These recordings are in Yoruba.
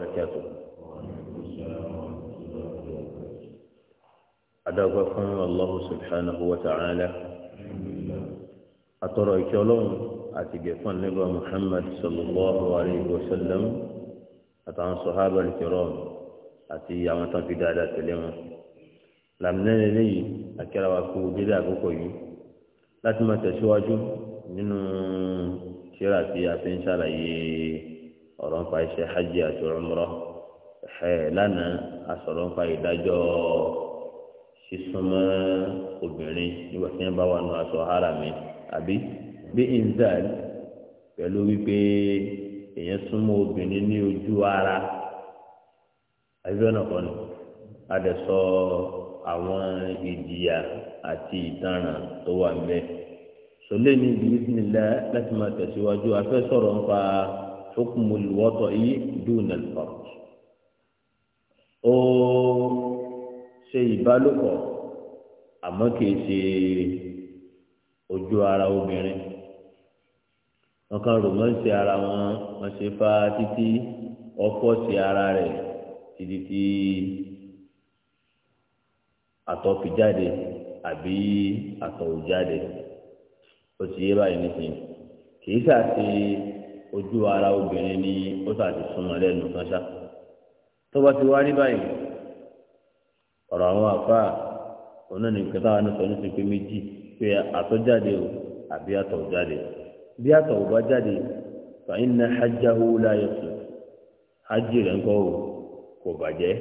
وبركاته أدعوكم الله سبحانه وتعالى أترى كلام أتجفن نبى محمد صلى الله عليه وسلم أتعن صحابة الكرام أتي يوم تنفيذ على تلمه لم نلي أكرا وكو بلا بكوي láti máa tẹ̀síwájú nínú ṣíra tí a fi ń ṣàlàyé ọ̀rọ̀ ń pa iṣẹ́ hajj àti ẹ̀ lánàá a ń pa ìdájọ́ sísúnmọ́ obìnrin nígbà tí wọ́n bá wà nù aṣọ ara mi àbí bí inzal pẹ̀lú wípé èèyàn súnmọ́ obìnrin ní ojú ara àbí kan sọ àwọn ìjìyà àti ìtanràn tó wà ń bẹ sọlẹ́ ní láti máa tẹ̀síwájú حكم الوضع دون الفرج ó ṣe ìbálòpọ̀ àmọ́ kìí ṣe ojú ara obìnrin wọn kan rò mọ́ǹsì ara wọn wọn ṣe fa títí ọkọ̀ sí ara rẹ̀ títí tí àtọ̀ fi jáde àbí àtọ̀ ò jáde ó ti yé báyìí nísìnyí kìí ṣàṣe ojú ara obìnrin ni ó sàti súnmọ́ lẹ́nu kan ṣá tó bá ti wá rí báyìí ọ̀rọ̀ àwọn àfáà òun náà ní nǹkan táwọn náà sọ ní ti pé méjì pé àtọ́jáde o àbí àtọ̀ jáde bí àtọ̀ ò jáde fàyín náà hajjahu láyé sùn hajj rẹ̀ ńkọ́ o kò bàjẹ́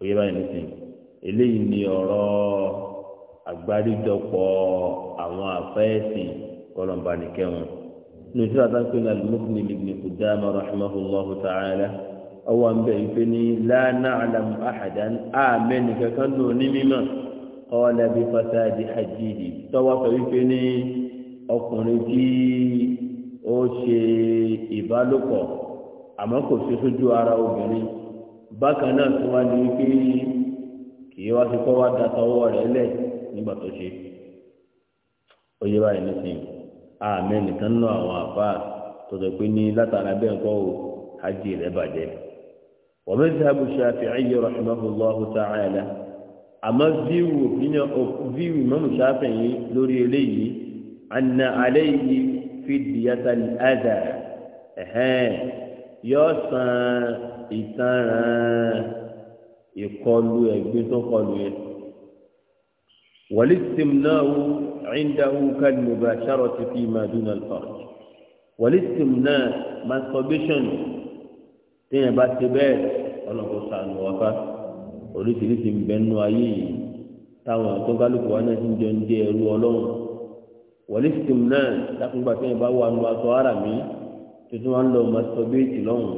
òye báyìí nìsín eléyìí ni ọ̀rọ̀ àgbáríjọpọ̀ àwọn àfẹ́ẹ̀sì kọlọ̀ǹba nìtú àtàkùn ní alimọ́kùnrin ibn Qudama rahimahullahu ta'ala ọwọ́ ń bẹ̀ ìpè ní lánà àlàm àhàdán àmẹ́ni kankan ló ní mímọ́ ọ̀ọ́lá bí fasadi hajjidi tọ́wọ́ sọ ìpè ní ọkùnrin tí ó ṣe ìbálòpọ̀ àmọ́ kò ṣe sójú ara obìnrin bákan náà tí wọ́n ní wípé kì í wá sí kọ́ wá da tọwọ́ rẹ̀ lẹ̀ nígbà tó ṣe ó yẹ báyìí nísìnyí. àmì nìkan náà àwọn àfa tọ̀tọ̀ pé ní látara bẹ́ẹ̀ kọ́ hajj rẹ̀ bàjẹ́. wọ́n ta'ala àmọ́ mọ́mù lórí eléyìí ẹ̀hẹ́n san ìtanràn ìkọlù ẹ̀gbin tó kọlù yẹn عنده كالمباشرة فيما دون الفرج والاستمناء masturbation téèyàn bá ti bẹ́ẹ̀ ọlọ́kọ̀ sànù ọ̀fà oríṣiríṣi ń bẹ nínú ayé yìí táwọn àtọ́gálùkù wa náà ti ń jọ ń dé ẹrú ọlọ́run والاستمناء dákúngbà téèyàn bá wà nù aṣọ ara mi tuntun wa ń lọ masturbate lọ́hùn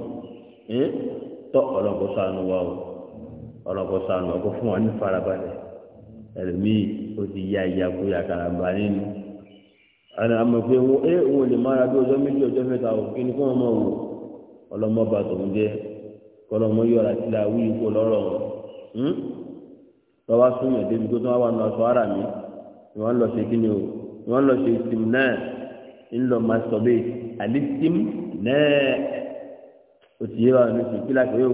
tọ́ ọlọ́kọ̀ sànù wa o ọlọ́kọ̀ sànù ọkọ̀ fún wa ní farabalẹ̀ ẹlòmíì ó ti ya ìyàkuyà kàràmbà nínú àmọ̀ pé wọn ẹ wọn lè mára bí ọjọ́ méjì ọjọ́ mẹ́ta ò kí ni kí wọ́n máa wò ọlọ́mọba tòun jẹ́ kọlọ́mọ yọra tí la wí ikú lọ́rọ̀ ọ̀hún hmm? lọ́wọ́ súnmọ̀ débi tó tó wà nù aṣọ ara mi ni wọ́n lọ ṣe kí ni o ni wọ́n lọ ṣe sim náà ń lọ máa sọ bẹ́ẹ̀ àlẹ́ sim náà ó ti yé wa ní sùn kí láti rí o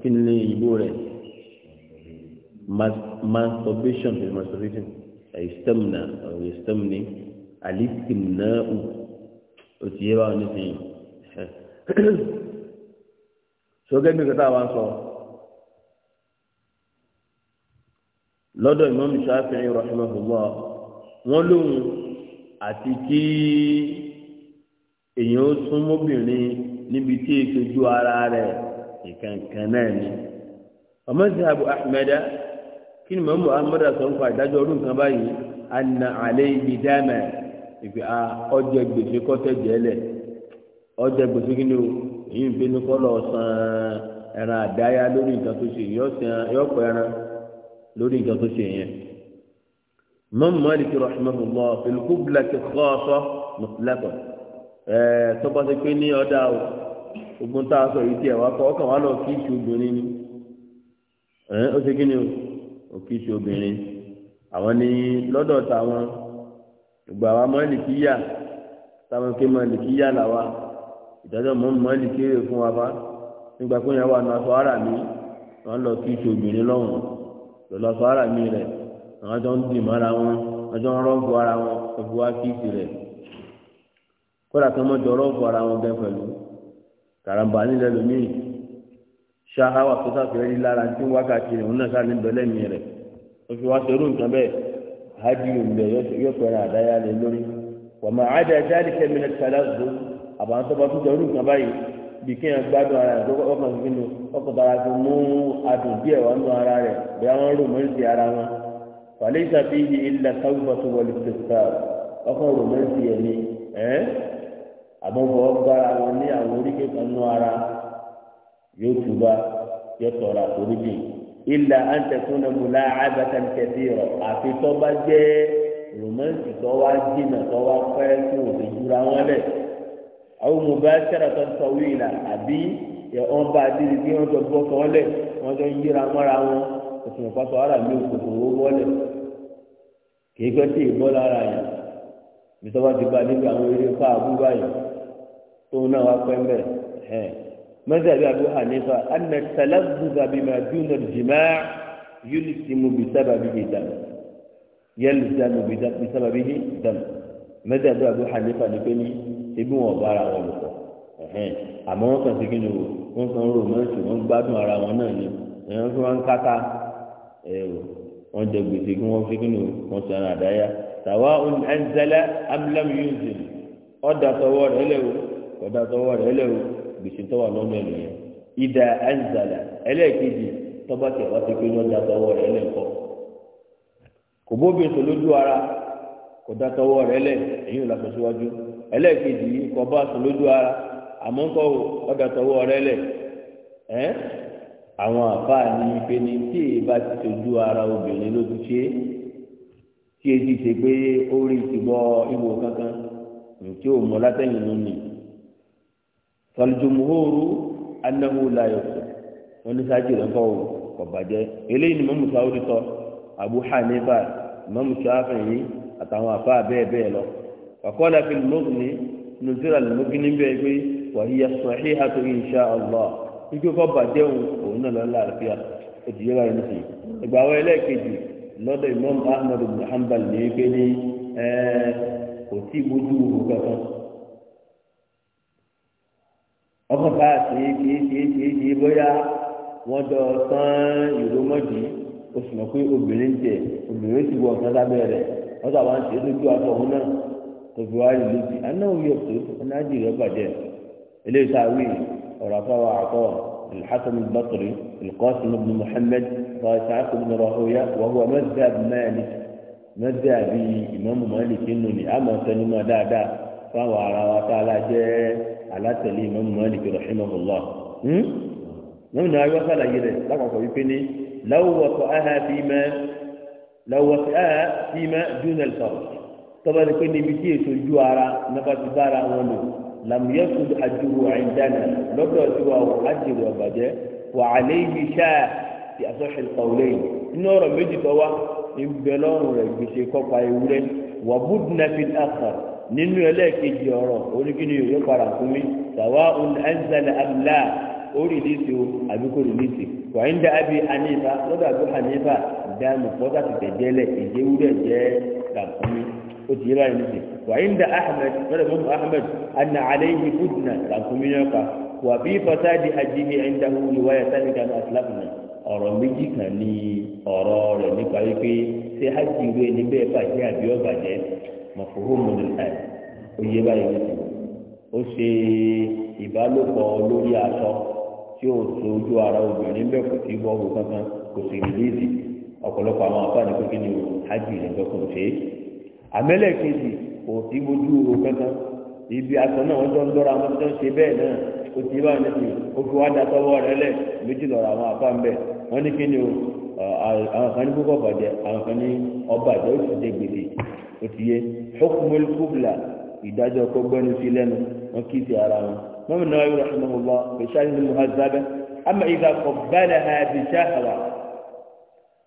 kí ni ìbò rẹ̀ masturbation is masturbation istamna or istamni alistimna'u o ti yé báwọn nísìnyí sọgẹ́ mi kọ́tà wá sọ lọ́dọ̀ imam shafi'i rahimahullah wọ́n lóhun àti kí èèyàn ó sún mọ́bìnrin níbi tí ìṣojú ara rẹ̀ ìkànkàn náà ni ọmọ sí abu ahmed kí ni mọ̀mọ́ amadu asọ̀nfà ìdájọ́ ọdún ana alẹ́ ibi dáná a ọjọ́ gbèsè kọ́tẹ́ jẹ́lẹ̀ ọjọ́ gbèsè kí ni o èyí ń bínú kọ́lọ̀ san ẹran àdáyá lórí nǹkan tó ṣe yọ san yọ pẹ́ ẹran lórí nǹkan tó ṣe yẹn. mọ́mọ́ malik rahmanullah pẹ̀lú bílàkì kọ́ọ̀sọ́ mọ̀tìlákọ̀ ẹ̀ pé ní ọ̀dà o ogun òkìṣe obìnrin àwọn ní lọ́dọ̀ táwọn ìgbà wa mọ́lìkíyà táwọn ké mọ́lìkíyà làwa ìdájọ́ mọ́ mọ́lìkíyà fún wa bá nígbà pé yẹn wà ní aṣọ ara mi wọn lọ kí ṣe obìnrin lọ́wọ́n lọ́lọ́ aṣọ ara mi rẹ̀ àwọn jọ ń dì mọ́ra wọn wọn jọ ń rọ́ọ̀bù ara wọn ẹ̀fọ́ wa kí ṣe rẹ̀ kódà kí wọ́n jọ rọ́ọ̀bù ara wọn gẹ́ pẹ̀lú kàràǹbà nílẹ̀ lómìnir ṣáháwà tó sáfẹ́ rí lára tí wákàtí rẹ̀ òun náà sáré ń bẹ̀lẹ́ mi rẹ̀ ó fi wá serú nǹkan bẹ́ẹ̀ hádìí òun bẹ̀ yóò pẹ̀rẹ̀ àdáyà lé lórí wàmọ̀ àádá jáde kẹ́mi náà kàdá zó àbáwọn tó bá tún jẹ́ irú nǹkan báyìí bí kí wọn gbádùn ara rẹ̀ tó ọkàn sí nínú ọkàn tara fi mú adùn díẹ̀ wá nù ara rẹ̀ bí wọn rò mọ́ yóò túbà yóò tọrọ àforíjì ilà àǹtẹ̀kùnà múlá àbàtà àfi tọ́ba jẹ́ jìnnà fún wọn àwọn wọn bá a bí wọn jọ bọ́ sọ lẹ̀ wọn jọ yíra mọ́ra wọn òsùn ìpàtọ́ ara mi ò kòkòrò wọlẹ̀ kì í gbọ́ sí ìbọ́ lára yẹn bí tọ́ba ti bá níbi àwọn eré fáàbù báyìí tóun náà wá pẹ́ mbẹ́ mọ́sàbí abu hanifa anna talabuza bima duna jimá yulisimu bisababi hidam yalisimu bisababi hidam mọ́sàbí abu hanifa ni pé ní ebi wọn bára wọn lò pọ̀ àmọ́ wọn kàn sí kí ni o wọn kàn ń romance wọn gbádùn ara wọn náà ni wọn fi wọn ń kátá wọn jẹ gbèsè kí wọn fi ni o wọn sọ ara àdáyà tàwa ẹnzẹlẹ amúlẹ́mú yóò zèlè ọ̀dà tọwọ́ rẹ̀ lẹ́wọ̀ ọ̀dà tọwọ́ rẹ̀ lẹ́wọ̀ gbèsè tó wà lọ́nà ẹ̀lẹ́ yẹn ìdá ẹ̀ǹzàlà ẹlẹ́ẹ̀kejì tọ́ba tẹ̀ wá ti pé wọ́n da tọwọ́ rẹ̀ lẹ́kọ́ kò bóbin tó lójú ara kò da tọwọ́ rẹ̀ lẹ̀ èyí ò lásọ síwájú ẹlẹ́ẹ̀kejì kò bá sùn lójú ara àmọ́ kọ́ ọ tọwọ́ rẹ̀ lẹ̀ ẹ́ àwọn àfáà ní ife ni tí èyí bá ti sojú ara obìnrin ló ti ṣe é tí èyí ti ṣe pé ó rí ìtìbọ ìwò kankan tí ò mọ látẹ̀yìn lónìí wàlùjọmùhóoru anáwó láyọ̀ wọn ní sáájì rẹ̀ kọ́ ọ̀bàjẹ́ eléyìí ni mọ́mú sáwọ́dì sọ abu hanifa mọ́mú sáfẹ̀yì àtàwọn àfa bẹ́ẹ̀ bẹ́ẹ̀ lọ wàkọ́lá fi lùmọ́gìnì nùtírà lùmọ́gìnì bẹ́ẹ̀ pé wàhíyà sọ̀hí àtò ìṣá ọlọ́ ijó kọ́ bàjẹ́ òun náà lọ́la àlàáfíà òdìyẹ́ wa ní sí ìgbà wọ ọkọ̀ bá ṣe é ṣe é ṣe é ṣe é ṣe bóyá wọ́n jọ tán ìró mọ́jì o sì mọ̀ pé obìnrin jẹ obìnrin sì wọ ọ̀sán lábẹ́ rẹ̀ wọ́n sábà ń ṣe é lójú aṣọ òun náà tòbí wàá rí lójú anáwó yóò tó anájì rẹ̀ bàjẹ́ eléyìí tá a wí ọ̀rọ̀ afọwọ́ àkọ́ الحسن البصري القاسم بن محمد وإسحاق بن راهوية وهو مذهب مالك مذهب إمام مالك إنني أما سلم دادا فهو على وتعالى جاء alátẹ̀lé ìmọ̀mù malik rahimahullah wọn ní ayọ́ sàlàyé rẹ̀ lápapọ̀ wípé ní láwùwọ̀tọ̀ aha fíìmẹ́ láwùwọ̀tọ̀ aha fíìmẹ́ dúnẹ̀l sọ̀rọ̀ tọ́ba ni pé níbi tí èso ju ara nípa ti bára wọn lò làmúyẹ́sù àjùwò àìdáná lọ́dọ̀ tiwa wò ájìrò ọ̀bàjẹ́ wà àléyìí ṣáà ti àtọ́ṣe kọ̀ọ̀lẹ́ yìí inú ọ̀rọ̀ méjì tọ́wá ń rẹ̀ gbèsè kọ́pa ewúrẹ́ wà bùdùnà fi àkàrà nínú ẹlẹ́ẹ̀kejì ọ̀rọ̀ oníkíni yóò padà fún mi tàwa ẹnzẹlẹ abúlá orí ìdíje o àbí kò rìlíìsì wàyíńdà àbí anífa lọ́dọ̀ àbí anífa dáàmú fọ́tà tètè jẹ́lẹ̀ ìdéwúrẹ́ jẹ́ gàfúnmi ó ti yé báyìí nìyí wàyíńdà ahmed lọ́dọ̀ mọ́mú ahmed anna aleyhi kudna gàfúnmi náà pa wà bí fasadi ajínigbé ẹ̀ńdà wúni wáyà sani kan asiláfínà ọ̀rọ̀ méjì kan ní ọ̀rọ̀ rẹ̀ nípa wípé ṣé hajj rẹ̀ níbẹ̀ bàjẹ́ àbí ọ̀ mọ̀fúrúmù nìkan oyè báyìí ló ti ó ṣe ìbálòpọ̀ lórí aṣọ tí ó so ojú ara obìnrin bẹ́ẹ̀ kò sí kankan kò sì rìlíìsì ọ̀pọ̀lọpọ̀ àwọn afáàní pé kí ni o ájì ìrìnàjò kò ṣe é àmẹ́lẹ̀ kejì kò sí bójú kankan ibi aṣọ náà wọ́n jọ ń dọ́ra wọn tó ń ṣe bẹ́ẹ̀ náà kò sí báyìí ti ó fi wá o àwọn kan ní kókó bàjẹ́ àwọn kan ní ọba àjọ ó sì dé gbèsè ó ti yé hukumul kubla ìdájọ́ kó gbẹ́nu sí lẹ́nu wọn kì í ti ara wọn. mọ́mí náà yóò rẹ̀ mọ́ bọ́ bẹ́sàáyé ní muhazabe ama ìgbà kọ bẹ́ẹ̀ ha bẹ́sà hàwà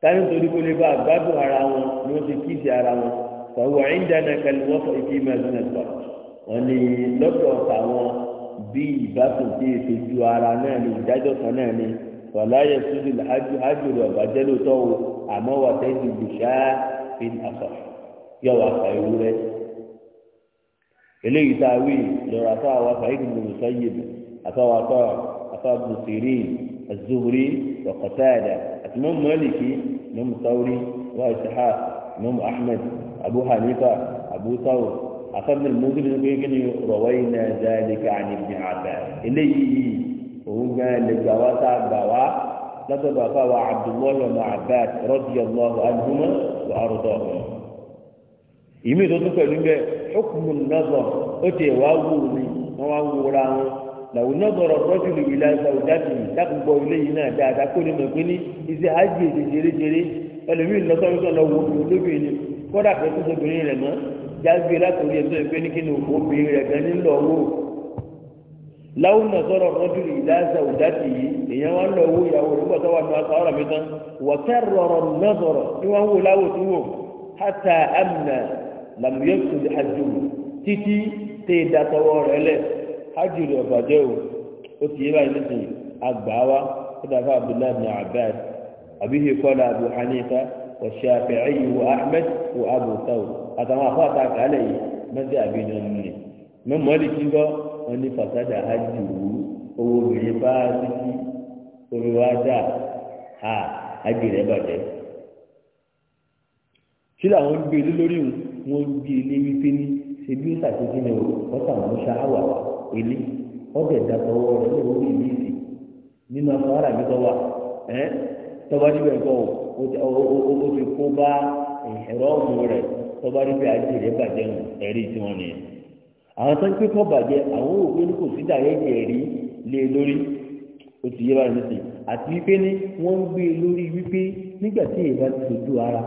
táyé nítorí kó lè bá àgbàdo ara wọn ni wọ́n ti kì í ti ara wọn. fàwọn ìdáná kẹlẹ́ wọ́n fọ ìfì máa dún wàlá yẹsùn ní àjùrò ọ̀bàjẹ́ lóòótọ́ o àmọ́ wà tẹ́sí gbèsà fi àfà yọ wà fà ewu rẹ eléyìí tá a wí lọ́rọ̀ àfà wà fà ìdìbò mùsáyìbì àfà wà fà àfà bùsìrì azúhùrì wàkọ̀tàdà àti mọ́ mọ́lìkì mọ́ mùsáwùrì wà ìṣàhà mọ́ ahmed abu hanifa abu sáwùr àfà mi mọ́sílẹ̀ ní kékeré rọ̀wáyìn náà dáadé ká àní bí àbá eléyìí òun gan lè gbà wá tá a gbà wá lọ́dọ̀ bàbá wa abdullahi ọmọ abad radiyallahu anhuma wa arda ìmí tó tún pẹ̀lú bẹ́ẹ̀ hukmun nazar ó ti wá wù mí wọ́n wá wù ra wọn làwọn nọ́bọ̀rọ̀ rọ́jùlù ìlà sàwùdàtì dákùgbọ̀ ilé yìí náà dáadáa kó ní mọ̀gbé ní iṣẹ́ ájì ẹlòmíì wò ó lóbi ni pẹ̀lú láwọn nàzọrọ rọdùn ìlàzà òdàtì yìí èèyàn wọn lọ wó ìyàwó rẹ gbọdọ wà ní ọkọ ọ̀rọ̀ mi tán wọtẹ rọrọ nàzọrọ ni wọn wò láwò tó wò hàtà amina làmúyẹsù àjò títí tẹ ìdàtọwọ rẹ lẹ àjò rẹ ọbàjẹ o ó ti yé báyìí nísìnyí àgbà wa ó dàgbà abdullahi bin abdul abihi kọlá abu hanifa wa shafi'i wa ahmed wa abu tawul àtàwọn afọ àtàkàlẹ yìí mẹsẹ àbí nínú ni mẹ mọlì kí wọn ní fasada hajj owó obìnrin bá títí orí wa dà á hajj rẹ bàjẹ́ kí làwọn ń gbé ilé lórí wọn ń gbé ilé wípé ní ṣebí ó ní o wọn sàmú ṣááwà ilé wọn bẹ̀ dá tọwọ́ rẹ ìlú nínú afárá mi tọ́ níbẹ̀ kọ́ o kó bá ẹ̀rọ ọ̀mù rẹ̀ níbẹ̀ rẹ̀ àwọn tó ń pé kọ́ bàjẹ́ àwọn ò pé ní kò sí dàrẹ́ẹ̀tì ẹ̀rí lé e lórí ó ti yé báyìí nísìnyí àti wípé ní wọ́n ń gbé e lórí wípé nígbà tí èèyàn bá ti dojú ara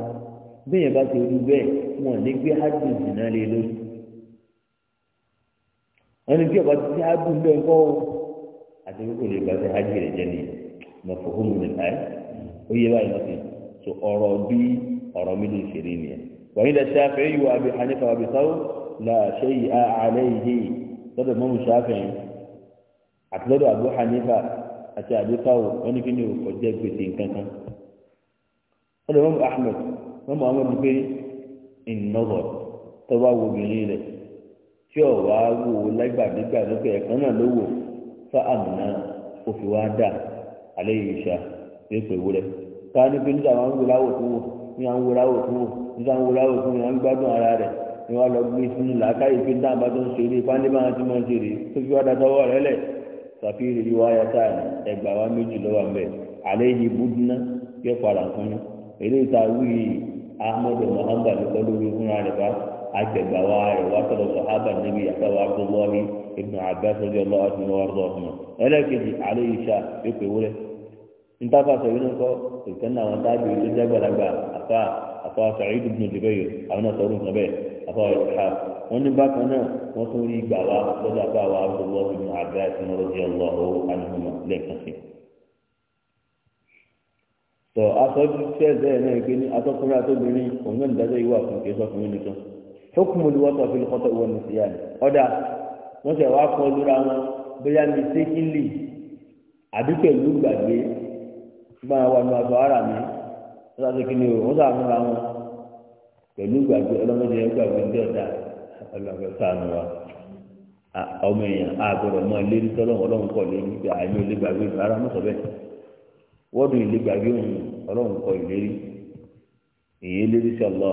bí èèyàn bá ti rú bẹ́ẹ̀ wọn ò ní gbé hádùn ìdìnnà lé e lórí wọn ní ọba ti hádùn bẹ́ẹ̀ kọ́ o àti wípé olè bá ti rẹ̀ jẹ́ nìyẹn mọ̀fọ́ hómù nìkan ẹ̀ ó yé báyìí nísìnyí so ọ̀rọ̀ bí ọ̀rọ̀ mi lè ṣe nìyẹn wàyí لا شيء عليه lọ́dọ̀ mọ́mú a àti lọ́dọ̀ àbú hanifa àti àbú táwò wọn ní kí nkankan lọ́dọ̀ mọ́mú ahmed ahmed pé ìnáwó tọ́wá wo obìnrin rẹ̀ tí ò wá wò ó lágbàdégbà lókè ẹ̀kan náà ló wò fá àmúná òfin wá dà alẹ́ yìí ṣá ni wọ́n lọ gbé sínú làákàyè pé dáàbà tó ń ṣe eré pàǹdé máa ti máa ń ṣe eré tó fi wá da tọwọ́ rẹ lẹ̀ sàfi rí wá yàtá ẹgbà wa méjì lọ́wọ́ àmẹ́ àlẹ́ yìí búdúná yẹ padà fún mi eléyìí tá a wí ahmed muhammed lọ́kọ́ lórí fúnra rẹ̀ bá agbẹ̀gbà wa rẹ̀ wá sọ̀rọ̀ sọ̀hábà níbi yàtá wa tó lọ́ọ̀rí ibùdó àbẹ́sọ̀rọ̀ lọ́wọ́ àti lọ́wọ́ rọ̀ fún un ẹlẹ́kejì àlẹ́ yìí ṣá àbáwọ̀ ká wọ́n ní bákan náà wọ́n tún rí ìgbà wa lọ́dọ̀ àbáwọ̀ àbúrò ọ̀hún àgbà àti mọ́rọ́dí ọlọ́wọ́ àdúgbò lẹ́ẹ̀kan sí. tọ́ asọ́jú tí ẹ̀sẹ̀ náà gbé ní atọ́kùnrin àtọ́bìnrin òun ìwà fún nìkan fi lọ́kọ́tọ̀ ìwọ pẹ̀lú gbàgbé ọlọ́mọdé yẹn gbàgbé ní ọ̀dà ọlọ́mọdé sànù wa ọmọ èèyàn àgọ́dọ̀ mọ lérí tọ́lọ́mọ ọlọ́run kọ̀ lérí pé àìní olè gbàgbé òun rárá mọ́tò bẹ́ẹ̀ wọ́ọ̀dù ilé gbàgbé òun ọlọ́run kọ ìlérí èyí lérí sí ọlọ́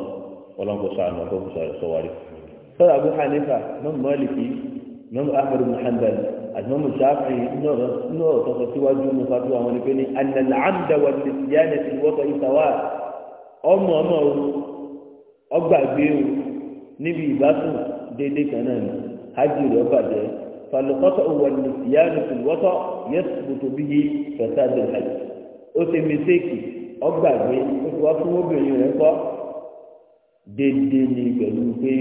ọlọ́run kọ sànù wa kó kó sọ̀rọ̀ sọ̀wárí. sọ́dọ̀ abu hanifa mọ́mú mọ́lìkì mọ́mú ahmed muhammed àti mọ́mú sáfì náà tọ́sọ ọgbàgbé o níbi ìbátan déédéé kan náà ni hajj rẹ ọbàjẹ falùkọ́tọ̀ òwòlù ìyáàlú tìlùwọ́tọ̀ yẹsùbùtò bíyì fẹsàdé hajj ó ti mẹsẹ́kì ọgbàgbé ó ti wá fún obìnrin rẹ kọ́ déédéé ni pẹ̀lú pé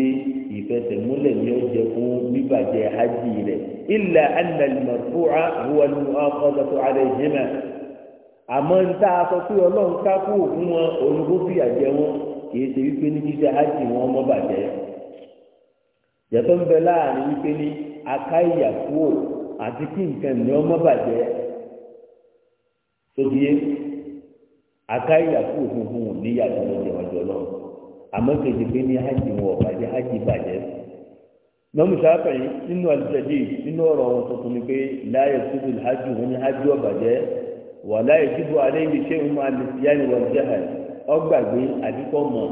ìfẹsẹ̀múlẹ̀ ni ó jẹ fún bíbàjẹ́ hajj rẹ ilà ànàlùmọ̀fúà òwòlù ọkọ̀dọ̀tọ̀ àrẹ jẹ́mà àmọ́ ń tá a sọ pé ọlọ́run ká kú òkú wọn olùkó fìyà jẹ wọn kìí ṣe wípé ní jíjẹ ájì wọn mọ́ bàjẹ́ yàtọ̀ ń bẹ láàrin wípé ní aká ìyàkúò àti kí nǹkan ní ọmọ bàjẹ́ sóbíye aká ìyàkúò funfun ò ní yàtọ̀ lọ́jọ́ ọjọ́ náà àmọ́ kejì pé ní ájì wọn ọ̀bàjẹ́ ájì bàjẹ́ nọ́ọ̀mù sáfẹ̀yìn nínú àlùfẹ́dì nínú ọ̀rọ̀ wọn tuntun ni pé láyé síbi ájì wọn ní ájì ọ̀bàjẹ́ wà láyé síbi alẹ́ ibi ṣé ń máa lè fi yá ni jẹ́ àyè ọgbàgbé àdìpọ̀mọ̀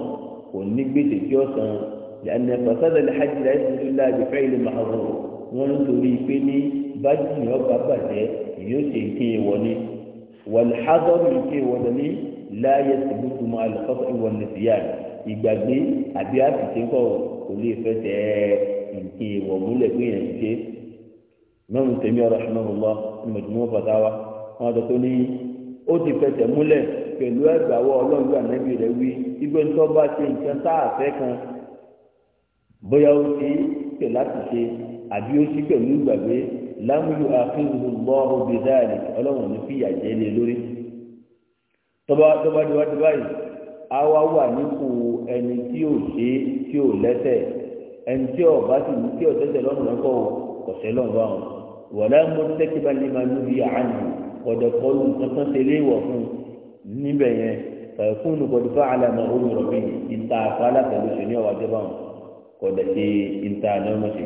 kò ní gbèsè tí ó san ìyànnà fasada lè hajj láì fún lílá àbífẹ́ ilé màhàrún wọn ń torí pé ní bájú ni ọgbà bàjẹ́ yóò ṣe nké wọlé wàlhádọ́rù nké wọlé láàyè tìbútù máa lọ fọ́fọ́ ìwọlé síyà ìgbàgbé àbí àfìsíkọ̀ kò lè fẹ́ tẹ́ nké wọ̀múlẹ̀ pé yẹn ti ṣe mẹ́rin tẹ̀mí ọ̀rọ̀ ṣùgbọ́n ó ti fẹsẹ̀ múlẹ̀ pẹ̀lú ẹgbàáwọ̀ ọlọ́run ànábì rẹ̀ wí ibi tó bá ṣe nǹkan tá a fẹ́ kan bóyá ó ti pè láti ṣe àbí ó ti pẹ̀lú ìgbàgbé lámúlò àfihàn bọ́ obì dáàlì ọlọ́run ní fìyà jẹ́ lé lórí tọ́ba tọ́ba diwájú báyìí a wá wà nípò ẹni tí ò ṣe tí ò lẹ́sẹ̀ ẹni tí ò bá sì ní tí ò tẹ́sẹ̀ lọ́nà lọ́kọ̀ ọ̀sẹ̀ lọ́nà wọn wọ̀lá mọ́tẹ́kì bá ní ma níbi àánú ọ̀dọ̀kọlù nǹkan tán ṣe léèwọ̀ fún níbẹ̀ yẹn fàkúnnù kọ̀dù fún àlàmà omi rọ̀bì ìta àfọ alákàlù ṣe ní ọ̀wà jọba wọn kọ̀dà ṣe ìta àdánmọ̀ṣe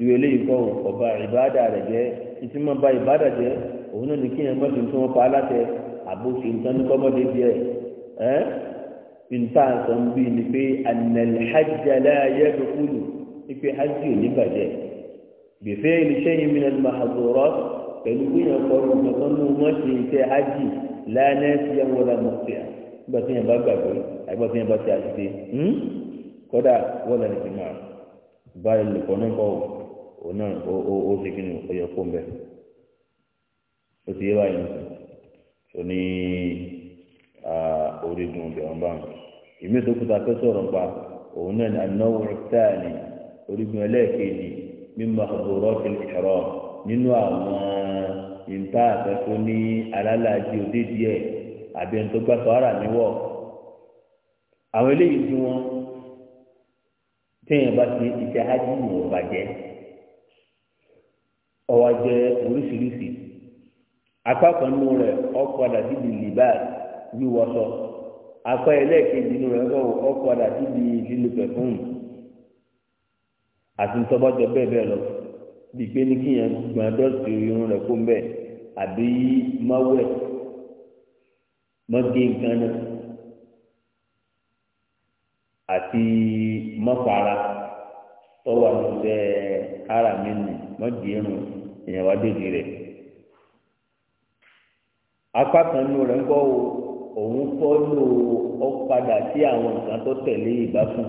ìwé eléyìí kọ́ ọba ìbáàdà rẹ̀ jẹ́ títí máa ba ìbáàdà jẹ́ òun náà ní kí yẹn mọ́tò tí wọ́n pa aláṣẹ àbóṣe nǹkan ní kọ́mọ́dé díẹ̀ ẹ́ ìta àtàn bíi ni pé ànàlẹ́hàjàlá ayẹ́dọ̀kúlù pẹ̀lú pé yẹn kọ́ ọdún kan ní wọ́n ṣe iṣẹ́ hajj lánà sí ẹ̀wọ̀n ọ̀la mọ̀tìyà nígbà tí yẹn bá gbàgbé àgbà tí yẹn bá ti àṣìṣe hmm? kọ́dà wọ́n lẹ́nu ti máa báyìí lùkọ́ náà kọ́ ò náà ó ṣe kí ni ọyọ kó mbẹ́ ó ti yé báyìí nìkan ó ní orígun ọbẹ̀ wọn báwọn ìmí ìdókòtà pẹ́ sọ̀rọ̀ pa òun náà ní anáwó táà ní orígun ẹlẹ́ẹ̀kejì mímọ àbúrò ọ̀kẹ́lẹ̀ ìṣòro nínú àwọn ìta àfẹ́kọ́ ní alálàájì òde díẹ̀ àbí ẹni tó gbà sọ́ra níwọ̀ àwọn eléyìí tí wọ́n téèyàn bá ti iṣẹ́ ájú ìwọ̀n bàjẹ́ ọwọ́ jẹ́ oríṣiríṣi apá kan nínú rẹ̀ ọkọ̀ àdàbí lìlì báyìí wíwọ́sọ apá ẹlẹ́ẹ̀kejì nínú rẹ̀ ọkọ̀ àdàbí lìlì pẹ̀fúmù àti ntọ́bọ́jọ bẹ́ẹ̀ bẹ́ẹ̀ lọ bí pé ní kíyàn gbọ́n dọ́ọ̀tì irun rẹ̀ kó ń bẹ̀ àbí mọ́wẹ̀ mọ́gé nǹkan náà àti mọ́fara tọ́wọ́ àtúntẹ̀ ara mi nù mọ́gé irun èèyàn wá dédìí rẹ̀ apá kan nù rẹ̀ ń kọ́ òun fọ́ lò ó padà sí àwọn nǹkan tó tẹ̀lé ìbáfún.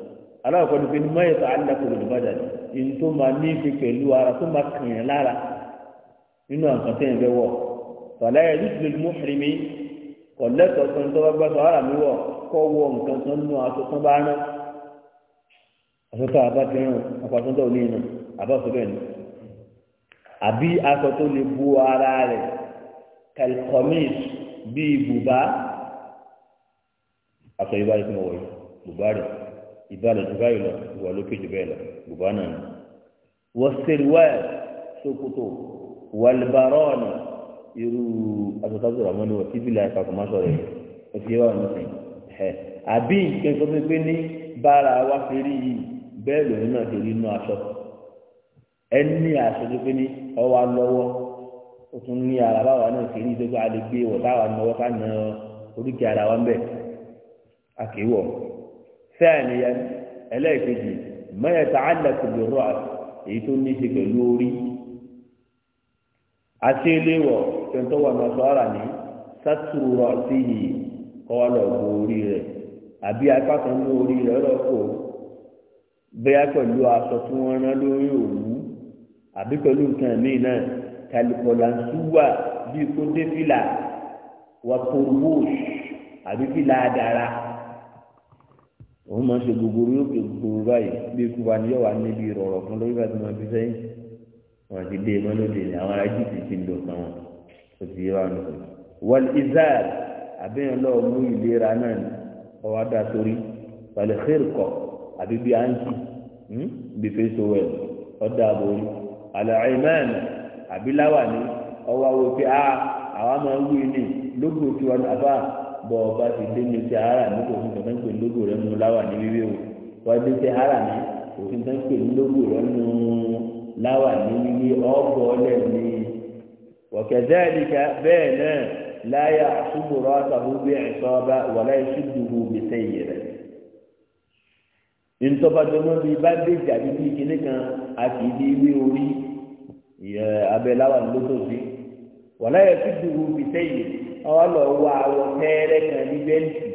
aláwọ̀kọ́ ni pé ní mọ́ ètò alákòwò ìbàdàn ní tó máa ní í ṣe pẹ̀lú ara tó máa kàn yẹn lára nínú àǹkan tẹ́yìn fẹ́ wọ̀ tọ́lá yẹn lùtù lójú mọ́fìrí mi kọ̀ lẹ́tọ̀ọ́ tó ń tọ́ bá gbàtọ̀ ara mi wọ̀ kọ́ wọ nǹkan tó ń nu aṣọ tó bá rán aṣọ tó àbá ti rán apàṣọ tó ní iná àbá sọ bẹ́ẹ̀ ni àbí aṣọ tó lè bu ara rẹ̀ kẹlkọ́mìs bíi bùbá aṣọ ìbáraẹni ìbálẹ̀ jù báyìí lọ ìwà lókè jù bẹ́ẹ̀ lọ bùbá náà ni. wọ́n sẹ́ríwáyà sokoto wàlìbárọ́ọ̀nù irú asọ́tàbí ọ̀rọ̀ mọ́ni wọ̀ síbi láì papọ̀ má sọ̀rọ̀ yìí ó ti yẹ wà lọ́sìn ẹ̀ àbí nǹkan tó pé ní bára wa fi rí yìí bẹ́ẹ̀ lòun náà ti rí inú aṣọ ẹni aṣọ tó pé ní ọwọ́ alọ́wọ́ ó tún ní ara báwa náà ti rí ìdógbò àdégbé wọ̀ táwa na oríkèé ara wa ń bẹ̀ ثانيا ẹlẹ́ẹ̀kejì ما يتعلق بالرأس èyí tó ní í ṣe pẹ̀lú orí àti eléwọ̀ tẹ̀ntọ́ wà máa sọ ara ní sátúrọ̀ sí yìí kọ́ wa lọ bo orí rẹ̀ àbí apá kan ní orí rẹ̀ lọ́pọ̀ bẹ́yà pẹ̀lú aṣọ tí wọ́n rán lórí òwú àbí pẹ̀lú nǹkan míì náà kàlùkọ̀làǹsúwà bíi kó dé fìlà wà kó wóòṣì àbí fìlà àdàrà òun máa ń ṣe gbogbo orí òkè gbogbo báyìí bí ikú wa níyàwó níbi ìrọ̀rọ̀ fún lórí bá ti máa fi sẹ́yìn wọn ti dé mọ́ lóde ní àwọn aráàlú ti ti ń dọ̀kan wọn kò sì yé nù. wọ́n izar àbẹ́yẹn lọ́wọ́ mú ìlera náà ní ọwọ́ adá sórí pẹ̀lú xírkọ̀ àbí bí àǹtí hmm, bí fèsò wẹ̀ ọ̀dà àbòrí àlọ́ ìmọ̀ọ́nù àbí láwà ní ọwọ́ àwọn òfin àwọn máa ń wí ní lókùn tiwọn àbá bọ́ ọba ti dé ní ti ara ní kò fún kankan pè lógo rẹ mú láwà ní wíwé o wọ́n dé ti ara ní kò fún kankan pè lógo rẹ mú láwà ní wíwé ọ̀bọ̀ ọlẹ̀ ní. wọ̀kẹ̀dẹ́ ẹ̀dìkà bẹ́ẹ̀ náà láyà ṣubùrọ̀ àtàwọn bí ẹ̀ṣọ́ ọba wọ̀lá ìṣubùrù gbèsè yìí rẹ̀. ntọ́badọ́mọ́ bíi bá dé jàdí bíi kinní kan àti ibi ìwé orí abẹ́láwà lótòsí wọ̀lá ìṣubùrù gbèsè yìí ọlọ́wọ́ àwọ̀ tẹ́ẹ́rẹ́ kan ní bẹ́ǹtì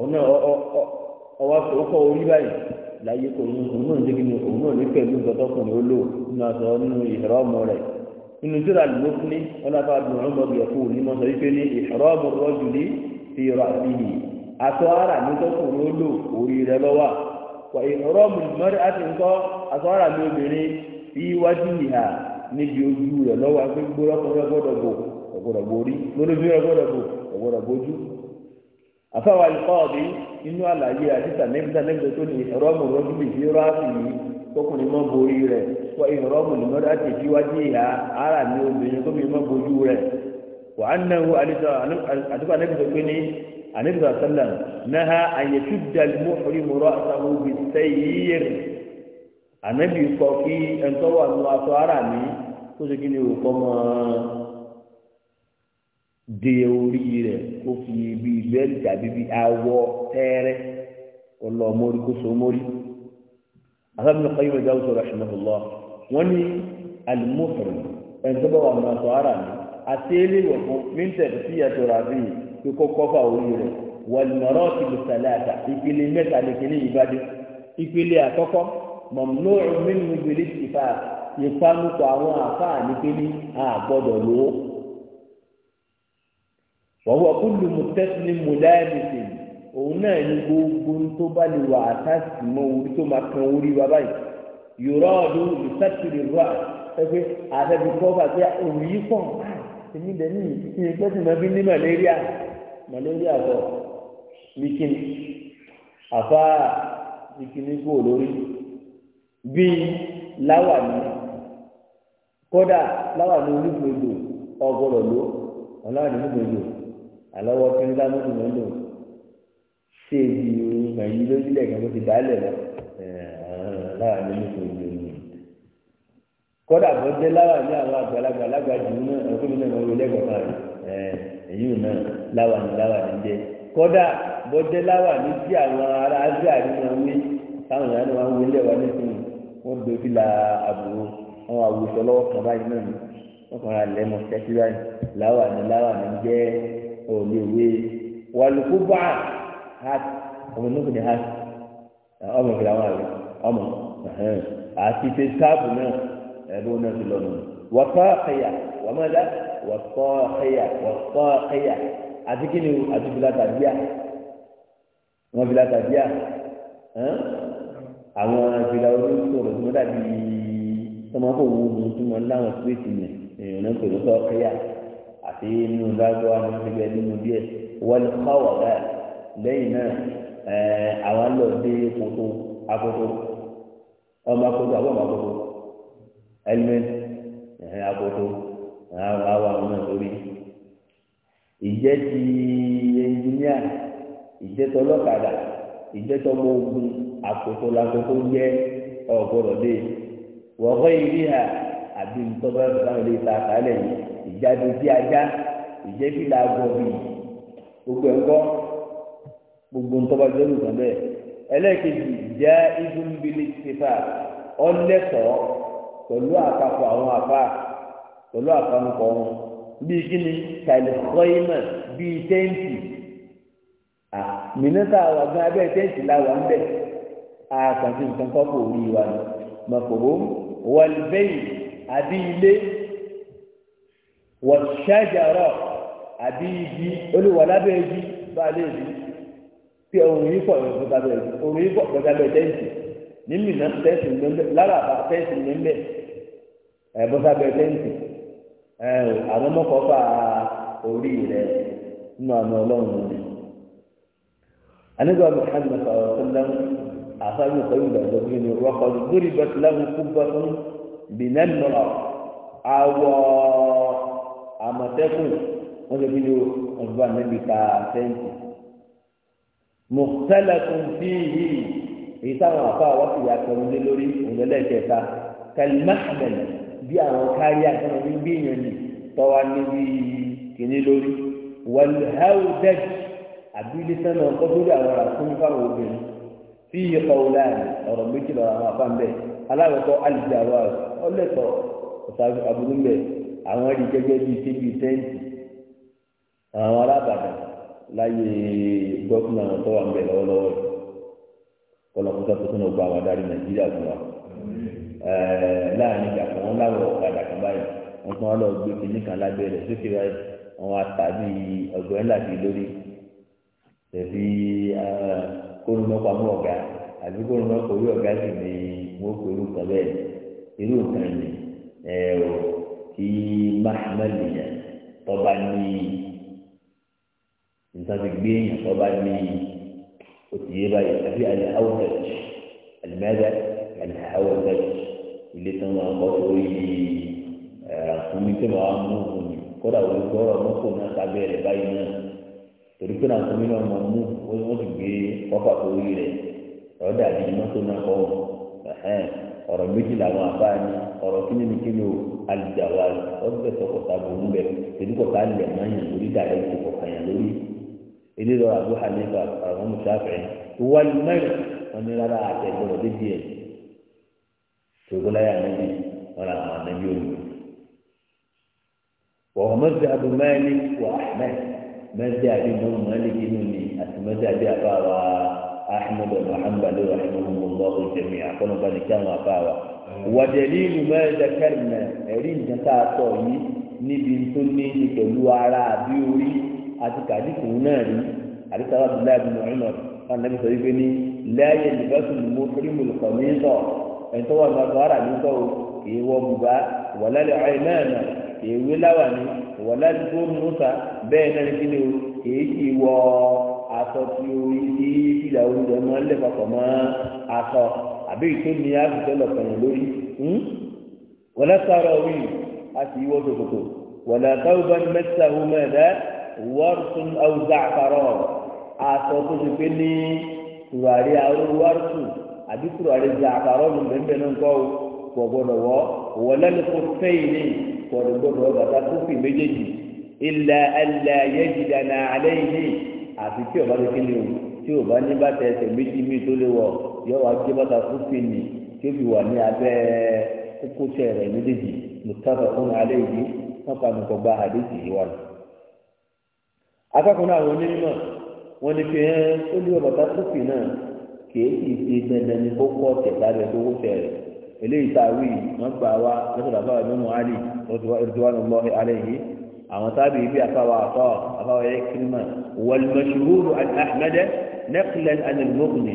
ọ̀nà ọwọ́ tó kọ́ orí báyìí láyé kò ní òun náà lébi òun náà lé pẹ̀lú ìgbọ́tọ́kùnrin olóò nínú aṣọ nínú ìrọ́mù rẹ̀ nínú tíra ló fún ní ọmọ sọ wípé ní ní ara tọkùnrin olóò orí wà àti ara obìnrin fi wájú ìhà níbi ọ̀gbọ́dọ̀ borí lólóbí ọ̀gbọ́dọ̀ bò ọ̀gbọ́dọ̀ bójú. àfáwà ìkọ́ọ̀bí inú àlàyé àdìsá nẹ́gbẹ́sá nẹ́gbẹ́ tó ní ìrọ́mù rọ́gbìlì sí rọ́ọ̀sì yìí tọkùnrin mọ́ borí rẹ̀ wọ ìrọ́mù lùmọ́dá ti fi wájú ìhà ara ní obìnrin tó fi mọ́ bojú rẹ̀. wà á náwó àdìsá nẹ́gbẹ́sá pé ní àdìsá sálàm náà àyẹ̀tú dàlmú ìmúrọ̀ àtàwọn òbí sẹ́yìn ànábì kọ kí ẹ̀ńtọ́wà nu aṣọ ara mi tó ṣe kí ni òkọ́ mọ́ ọ de orí rẹ̀ kó fi bí bẹ́ẹ̀lì tàbí bí awọ tẹ́rẹ́ ọlọ́ mórí kó so mórí. àfẹ́mi ọkọ yìí wọ́n jáwé sọ̀rọ̀ ṣùgbọ́n wọ́n ní alimọ́fẹ̀rẹ̀ ẹni tó bá wà nínú aṣọ ara mi àti eléwọ̀ fún míntẹ̀ẹ̀tì sí ẹ̀tọ́ rà bí kí kó kọ́fà orí rẹ̀ wàlùmọ̀rọ̀ ti lù sàlẹ̀ ìpele mẹ́ta nìkíní ìbàdí ìpele àkọ́kọ́ mọ̀mọ́ ìpele ìfà ìpanupọ̀ àwọn àfáà nìkíní àgbọ̀dọ̀ lówó wọ́n wọ́n kó lu mùtẹ́sílì mùláyàmìtì òun náà ní gbogbo tó bá lè wà àtàkì mọ́ orí tó máa kan orí wa báyìí yòrò ọdún ìsàtìrì rọ àtẹ́fẹ́ àtẹ́fẹ́ kọ́fà pé òun yìí pọ̀ èmi dẹ̀ ní ìyẹn gbẹ́sìn máa fi ní màlẹ́ríà màlẹ́ríà bọ̀ wíkìnì àfa wíkìnì kú olórí bíi láwàní kódà láwàní olúgbòdò ọgọrọ ló ọláwàní olúgbòdò àlọ́wọ́ tí ń dá lóṣù lọ́lọ́ ṣé ibi ẹ̀yìn lójúlẹ̀ kan tó ti dálẹ̀ lọ lára ní ní ìlú ìlú kọ́dà bọ́ jẹ́ lára ní àwọn àgbàlagbà alágbàjù náà ẹ̀kọ́ mi náà wọ́n wọlé ẹ̀kọ́ kan rẹ̀ ẹ̀yìn náà láwa ní láwa ní jẹ́ kọ́dà bọ́ jẹ́ láwa ní tí àwọn ará ájá ní wọn wí táwọn ìyá ni wọn wọlé wa ní fún wọn gbé fìlà àbúrò wọn àwùjọ lọ́wọ́ kan báyìí náà ni wọn kàn rà lẹ́mọ̀ tẹ́tí báyìí láwa ní láwa ní jẹ́ òlèwé wàlùkúbà hat ọmọ inú kò ní hat ọmọ ìgbà wọn àgbà ọmọ àti ti sáàbù náà ẹbí wọn náà ti lọ nù wọ́pọ̀ ẹ̀yà wọ́mọdá wọ́pọ̀ ẹ̀yà wọ́pọ̀ ẹ̀yà àti kí ni àti fìlà tàbíà wọn fìlà tàbíà àwọn fìlà oníṣòro tó dàbí tọmọkò wo ohun tó mọ láwọn síwèsì yẹn èèyàn náà pè lọ́sọ̀ ẹ̀yà àti nínú gbàgbọ́ wa nínú ibẹ̀ nínú díẹ̀ wọlé kọ́wọ̀ bẹ́ẹ̀ lẹ́yìn náà ẹ̀ àwọn lọ dé koto akoto ọmọ akoto àbọ̀ ọmọ akoto ẹlẹ́mẹ̀tì ẹ̀hẹ́ akoto àwọn àwọn àwọn náà lórí ìjẹ́ ti ẹnjìníà ìjẹ́ tó ọlọ́kadà ìjẹ́ tó ọmọ akoto lakoto jẹ́ ọ̀gbọ́dọ̀ dé wọ́n kọ́ ìrí hà àbí ntọ́ba báwọn lè ta àkàlẹ̀ yìí ìjáde bí ajá ìjẹ́bílà gbọ̀bì gbogbo ẹ̀kọ́ gbogbo ntọ́ba jẹ́ olùkọ́ bẹ́ẹ̀ ẹlẹ́ẹ̀kejì jẹ́ ìdúnbílì sífà ọ̀lẹ́tọ̀ pẹ̀lú àpapọ̀ àwọn àpá pẹ̀lú àpanukọ̀ wọn bíi kíni kàlẹ́kọ́ìmọ̀ bíi tẹ́ǹtì mìíràn àwọn àgbọn abẹ́ tẹ́ǹtì làwọn ń bẹ̀ àkàtúntàn kọ́pọ̀ orí wa ni mọ̀kòrò wọlbẹ́yì àbí ilé wọ̀ṣẹ́jàrọ̀ àbí igi olúwọ̀lábẹ́ igi balẹ̀ igi tí ohun yìí pọ̀ lọ́sọ̀tàbẹ̀ igi ohun yìí pọ̀ lọ́sọ̀tàbẹ̀ tẹ́ǹtì nínú iná tẹ́ǹtì lẹ́mbẹ́ lárabà tẹ́ǹtì lẹ́mbẹ́ ẹ̀ bọ́sàbẹ̀ tẹ́ǹtì ẹ̀ àwọn ọmọkọ̀ọ́fà orí rẹ̀ nínú àmì ọlọ́run rẹ̀. anigba muhammed sọ̀rọ̀ sọ́lám àfáàmì ìkọ́yìn ìgbàgbọ́ ni wọ́kọ̀ àmọ̀tẹ́kùn wọ́n ṣe kíló ọ̀gbà níbi ká sẹ́ǹtì. mùsẹ́lẹ̀kùn sí yìí èyí táwọn àfa wá sì yàtọ̀ nílé lórí òǹdẹ́lẹ́kẹta kẹlímẹ́tìmẹ̀lẹ̀ bí àwọn kárí àtọ́nà ní gbìyànjú tọ́wá níbi kìíní lórí wàlúhàwùdẹ́j àbílí sẹ́nà ọ̀kọ́dúró àwọn àfún fáwọn obìnrin fi ìyẹ̀kọ̀ wọlé ọ̀rọ̀ méjìlá àwọn afáǹbẹ̀ aláwọ̀kọ́ alìjàwá ọlẹ́tọ̀ ọ̀sàgbọ̀ àbúrú bẹ́ẹ̀ àwọn rí gẹ́gẹ́ bíi síbi tẹ́ǹtì àwọn alábàdàn láyé gọ́fúnà àwọn tó wà ń bẹ̀ lọ́wọ́lọ́wọ́ yìí kọlọ́kútà tó tún lọ gba àwọn adarí nàìjíríà fún wa láàrin ìgbà kan wọn láwọ ọ̀kadà kan báyìí wọn tún wọn lọ gbé kínní kan lábẹ́ rẹ̀ sókè báyìí wọn wá tàbí ọgbẹ́ láti lórí tẹ̀sí kórìmọ́ pamọ́ ọ̀gá àbí kórìmọ́ kórì ọ̀gá sì ni wọ́n kórì kan bẹ́ẹ̀ irú nǹkan yìí ẹ̀rọ fi mahamadu yẹn tọ́ba ní nítorí gbé yẹn tọ́ba ní òtìyé báyìí àbí àlẹ́ awọ́dẹ̀jì àlẹ́ mẹ́rẹ́ àlẹ́ awọ́dẹ̀jì ilé tí wọ́n kọ́ sórí ẹ̀ẹ́dẹ́gbẹ̀rún tí wọ́n mú un ní kódà wọ́n gbọ́rọ̀ mọ́kò náà sábẹ́ rẹ̀ báyìí náà torí pé náà fún náà mọ̀ mú wọ́n sì gbé kọ́fà sórí rẹ̀ ọ̀dà bíi mọ́tò náà kọ́ ẹ̀hẹ́n ọ̀rọ̀ méjì làwọn àbá ni ọ̀rọ̀ kí nínú kí ni o alìjàwá ọ̀gbẹ́ sọ̀kọ̀tà bòún bẹ̀ tẹ̀lifọ̀tà lẹ̀ máa yàn lórí dàrẹ́ ti kọ̀kan yàn lórí eléyìí lọ́wọ́ àbú hanifa àwọn mùsàfẹ́ wọ́n mẹ́rin wọn ní rárá àtẹ̀gbọ́dọ̀ dédìí ẹ̀ tògbóláyà nàbí wọn làwọn ànábì òun wọ́n mẹ́sẹ̀ àbú mẹ́rin wà mẹ́ mẹ́sẹ̀ àbí mọ́ mẹ́rin kí nínú ni àti mẹ́sẹ̀ àbí àbá wa. أحمد بن حنبل رحمهم الله جميعا كنا بنكان وفاوى ودليل ما ذكرنا رين جتا صوي níbi tó ní ní pẹ̀lú ara àbí orí àti kàdíkù náà rí àdìsáwá abdullahi bin muhammad wọn nàbí sọ wípé ní lẹ́yìn ìbáṣun mú fírímù lùkọ́ ní sọ ẹ̀ńtọ́ wà ní ọ̀sán ara ní o kì í wọ bùbá wọ̀lẹ́lẹ̀ ọ̀rẹ́ náà nà kì wí láwà ní wọ̀lẹ́lẹ̀ tó mú sa bẹ́ẹ̀ náà ní kí o kì í wọ ọ́ aṣọ tí orí tí ìlà oúnjẹ máa ń lẹ̀ papọ̀ mọ́ aṣọ àbí ìtò ní àbùtẹ́ lọ̀kànnà lórí hmm? wọ́n lẹ́sàárọ̀ wí àti ìwọ́ tòkòtò wọ́n lẹ́sàárọ̀ bá ní mẹ́ta wọ́n mẹ́ta wọ́rùtún àwùjá àkàrọ̀ aṣọ tó ti pé ní tùwárí àwọn wọ́rùtún àbí tùwárí jà àkàrọ̀ ló ń bẹ̀rẹ̀ nǹkọ́ kò gbọ́dọ̀ wọ́ wọ́n lẹ́nukú fẹ́yìn kò gbọ́dọ̀ bàtà kófì méjèèjì ilà alẹ́ yẹ́jìdánà àlẹ́ yìí àti tí ọba lè kéde o tí ọba ní bàtà ẹsẹ̀ méjì míì tó lè wọ yọ wá gbé bàtà fúnfin nì tí ó fi wà ní abẹ́ kókósẹ̀ rẹ̀ méjèèjì mùtàfà fún alẹ́ yìí wọn pa nǹkan gba àdéjì yìí wà lọ. akẹ́kọ̀ọ́ náà àwọn onímọ̀ wọn ni pé ẹ́ ó lé bàtà fúnfin náà kìí sì dandan ní kókó ọ̀tẹ̀ lábẹ́ kókósẹ̀ rẹ̀ eléyìí tá a wí wọn gbà wá lọ́sọ̀rọ̀ àbáwọ̀ àwọn sábì ibi afáwà àtọ́ afáwà yẹ kírímà wàlmọ̀ṣúhúrù àhmẹ́dẹ́ nẹ́kìlẹ̀n ànàlmọ́gìnì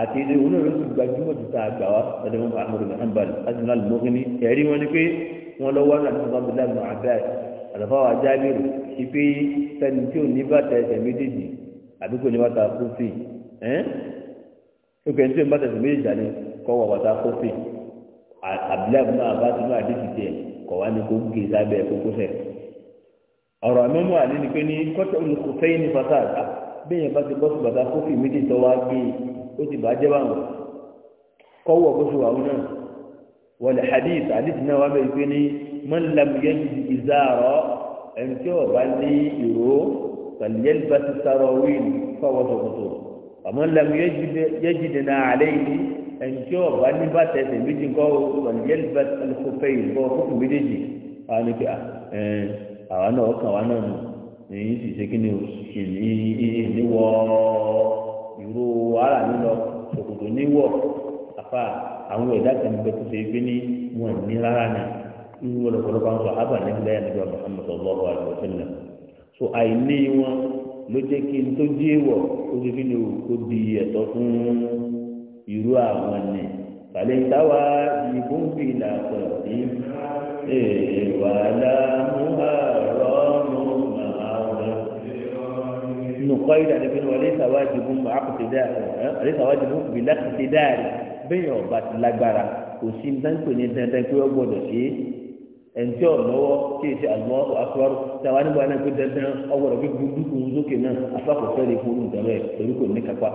àti ilé olóòrùn ti gbajúmọ̀ ju ta àgbà wa ọdún mọ́fà ahmed muhammad azimá almọ́gìnì ẹ̀rí wọn ni pé wọn lọ wọn láti bá bílá ibùn abẹ́ẹ̀ àtàfáwà jábìrì ipe sẹni tí ò ní bàtà ẹsẹ̀ méjèèjì àbí kò ní bàtà kófì ẹ́n ó tí ò ní bàtà ẹsẹ̀ ọ̀rọ̀ àmẹ́mú àní ni pé ní kọ́tà olùkọ́fẹ́ yìí ní fasad bẹ́yẹn bá ti bọ́ sí bàtà kófì méjì tó wá gbé e, ó ti bàjẹ́ báwọn kọ́wọ́ bó ṣe wà wọn náà wọlé hadith hadith náà wà bẹ́ẹ̀ pé ní mọ́nlámùyẹ́ ìzáàrọ̀ ẹni tí ó bá ní ìró pẹ̀lẹ́lì bá ti sáró wíìlì fáwọn ṣòkòtò àmọ́nlámùyẹ́ yẹ́jìdìnnà àlẹ́ yìí ẹni tí ní àwa náà ọkàn wa náà nù èyí kí ni o èmi ìró wàhálà mi lọ òkòtò níwọ àfa àwọn ẹ̀dá kan bẹ tó ṣe gbé ní wọn ní rárá ni irú ọlọpọlọpọ àwọn sọhábà ní so àìní wọn ló jẹ kí n tó jí ó kí ni ó di fún fàlẹ́tàwá ìgbóngbìlà pẹ̀lú èèwà lámúhà rọ́ọ̀mù màáwọ̀. nùkọ́ ìdàdé pé wọlé sàwájú mú àkùtẹ̀dáàrí bẹ́ẹ̀ ọba ti lágbára kò sí dáńpẹ̀ ní dandan pé ó gbọ́dọ̀ ṣe é ẹnití ọlọwọ kí èsì àlọ àkọrọ táwa nígbà náà pé dandan ọgbọdọ pé gbúdúkú sókè náà afákòókò lè fún olùdarí ẹ torí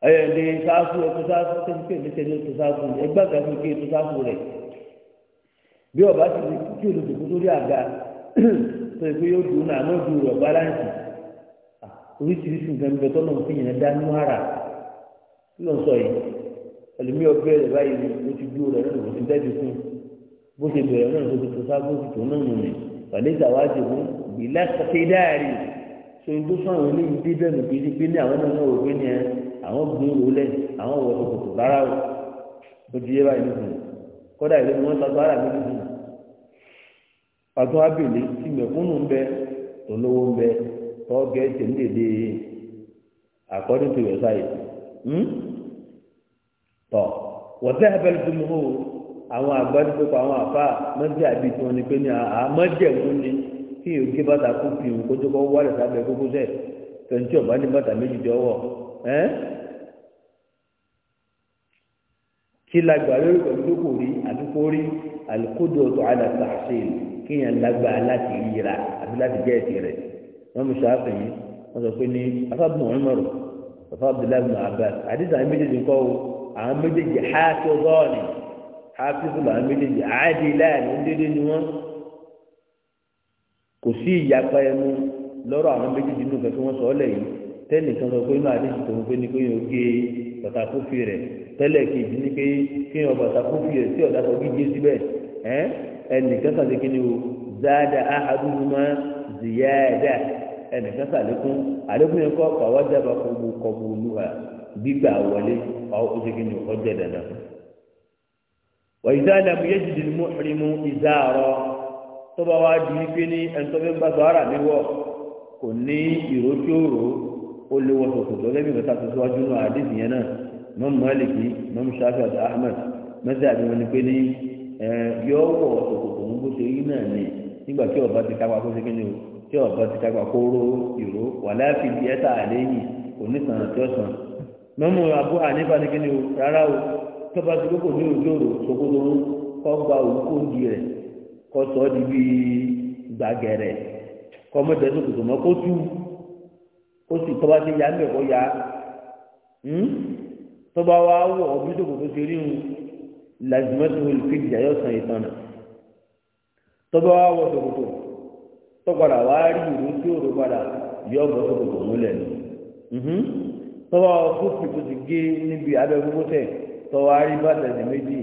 ẹ lè sáfù ẹtù sáfù tẹsíkẹ mẹsẹ ní ẹtù sáfù ẹgbẹ bí ọba ti di kí olùdókòwò lórí àga tó pé yóò dùn náà rẹ̀ oríṣiríṣi nǹkan bẹ tọ́nà kí ló ń sọ yìí ẹlòmí ọbẹ̀ rẹ̀ báyìí ló ti dúró rẹ̀ fún bó àwọn gbin wọlé àwọn wọ tòkòtò rárá o ó di yé báyìí nìkan kódà ìlú ni wọn ta gbára mi nìkan ọdún abèlé tí mẹ̀kúnnù ń bẹ olówó ń bẹ tọgẹ tẹmídéédé according to your size hmm? tọ wọ́n tẹ́ abẹ́lẹ́ tó mú o àwọn àgbàdo tó pa àwọn àfa mọ́tì àbí tí wọ́n ní pé ní àmọ́jẹ̀mú ni kí yóò gé bàtà kó fi òun kójú kó wálé sábẹ́ kókó sẹ́ẹ̀ tẹ̀ntì ọ̀bá ní bàtà méjì jọ wọ̀ ẹ́ kí lágbà lórí pẹ̀lú tó kò rí àdúgbò rí àlùkòdò ọ̀tọ̀ alàtàṣe kéèyàn lágbà láti yíra àti láti jẹ́ ẹ̀sìn rẹ̀ wọ́n mú sàáfẹ̀ yìí wọ́n sọ pé ní afábùn ọ̀rẹ́mọ̀rọ̀ bàbá abdullahi bin abbas àdìsí àwọn méjèèjì ń kọ́ o àwọn méjèèjì háàtó zọ́ọ̀nì háàtó zọ́ọ̀nì àwọn méjèèjì àádìí láàrin ń dédé ni wọ́n kò sí ìyapa ẹnu lọ́rọ̀ àwọn méjèèjì nù bàtàkófì rẹ̀ tẹ́lẹ̀ kejì ní pé kí ọ bàtàkófì rẹ̀ tí ọ̀dà sọ́gí jẹ́ síbẹ̀ ẹ́ ẹnìkan sàdé kí ni o záàdà ahadúmọ́ ziyáàdà ẹnìkan sàlékún àlékún yẹn kọ́ kàwájà bá kọ́ bu kọ́ bu olúwa gbígbà wọlé ọ̀ọ́sẹ̀ kí ni ọjọ́ dandan. wà ìzáàdà mu yéjì dì mú ìrìmú ìzáàrọ̀ tó bá wá di wípé ní ẹnitọ́fẹ́ gbàgbọ́ ara mi wọ̀ kò ní ìró tí ó rò ó ó léwọ́ sọ̀tòtò lẹ́bí ìgbà tó síwájú náà àdéhùn yẹn náà mọ́mú málìkì mọ́mú ṣáfì àti ahmed mẹ́sì àti wọn ni pé ní yọ wọ̀ sọ̀tòtò ń bó ṣe rí náà ni nígbà tí ọba ti kápá kó ṣe kí ni o tí ọba ti kápá kó ró ìró wà láàfi di ẹ́tà àléyìn onísàn àti ọ̀sán mọ́mú abú àníbà ni kí ni o rárá o tọ́ba ti kókò ní òjò rò kọ́ kó sì tọ́ba hmm? ṣe yá ńbẹ̀ kó yá tọ́ba wa wọ ọdún tó kò tó ṣe ríhun làzìmọ́tò olùkéjì ayọ̀ san ìtàn náà tọ́ba wa wọ ṣòkòtò tọ́padà wá rí ìlú tí òòrùn padà yọ ọ̀bọ̀ ṣòkòtò múlẹ̀ ni tọ́ba wa kó fi kó ti gé níbi abẹ́ gbogbo tẹ̀ tọ́wa rí bàtà ní méjì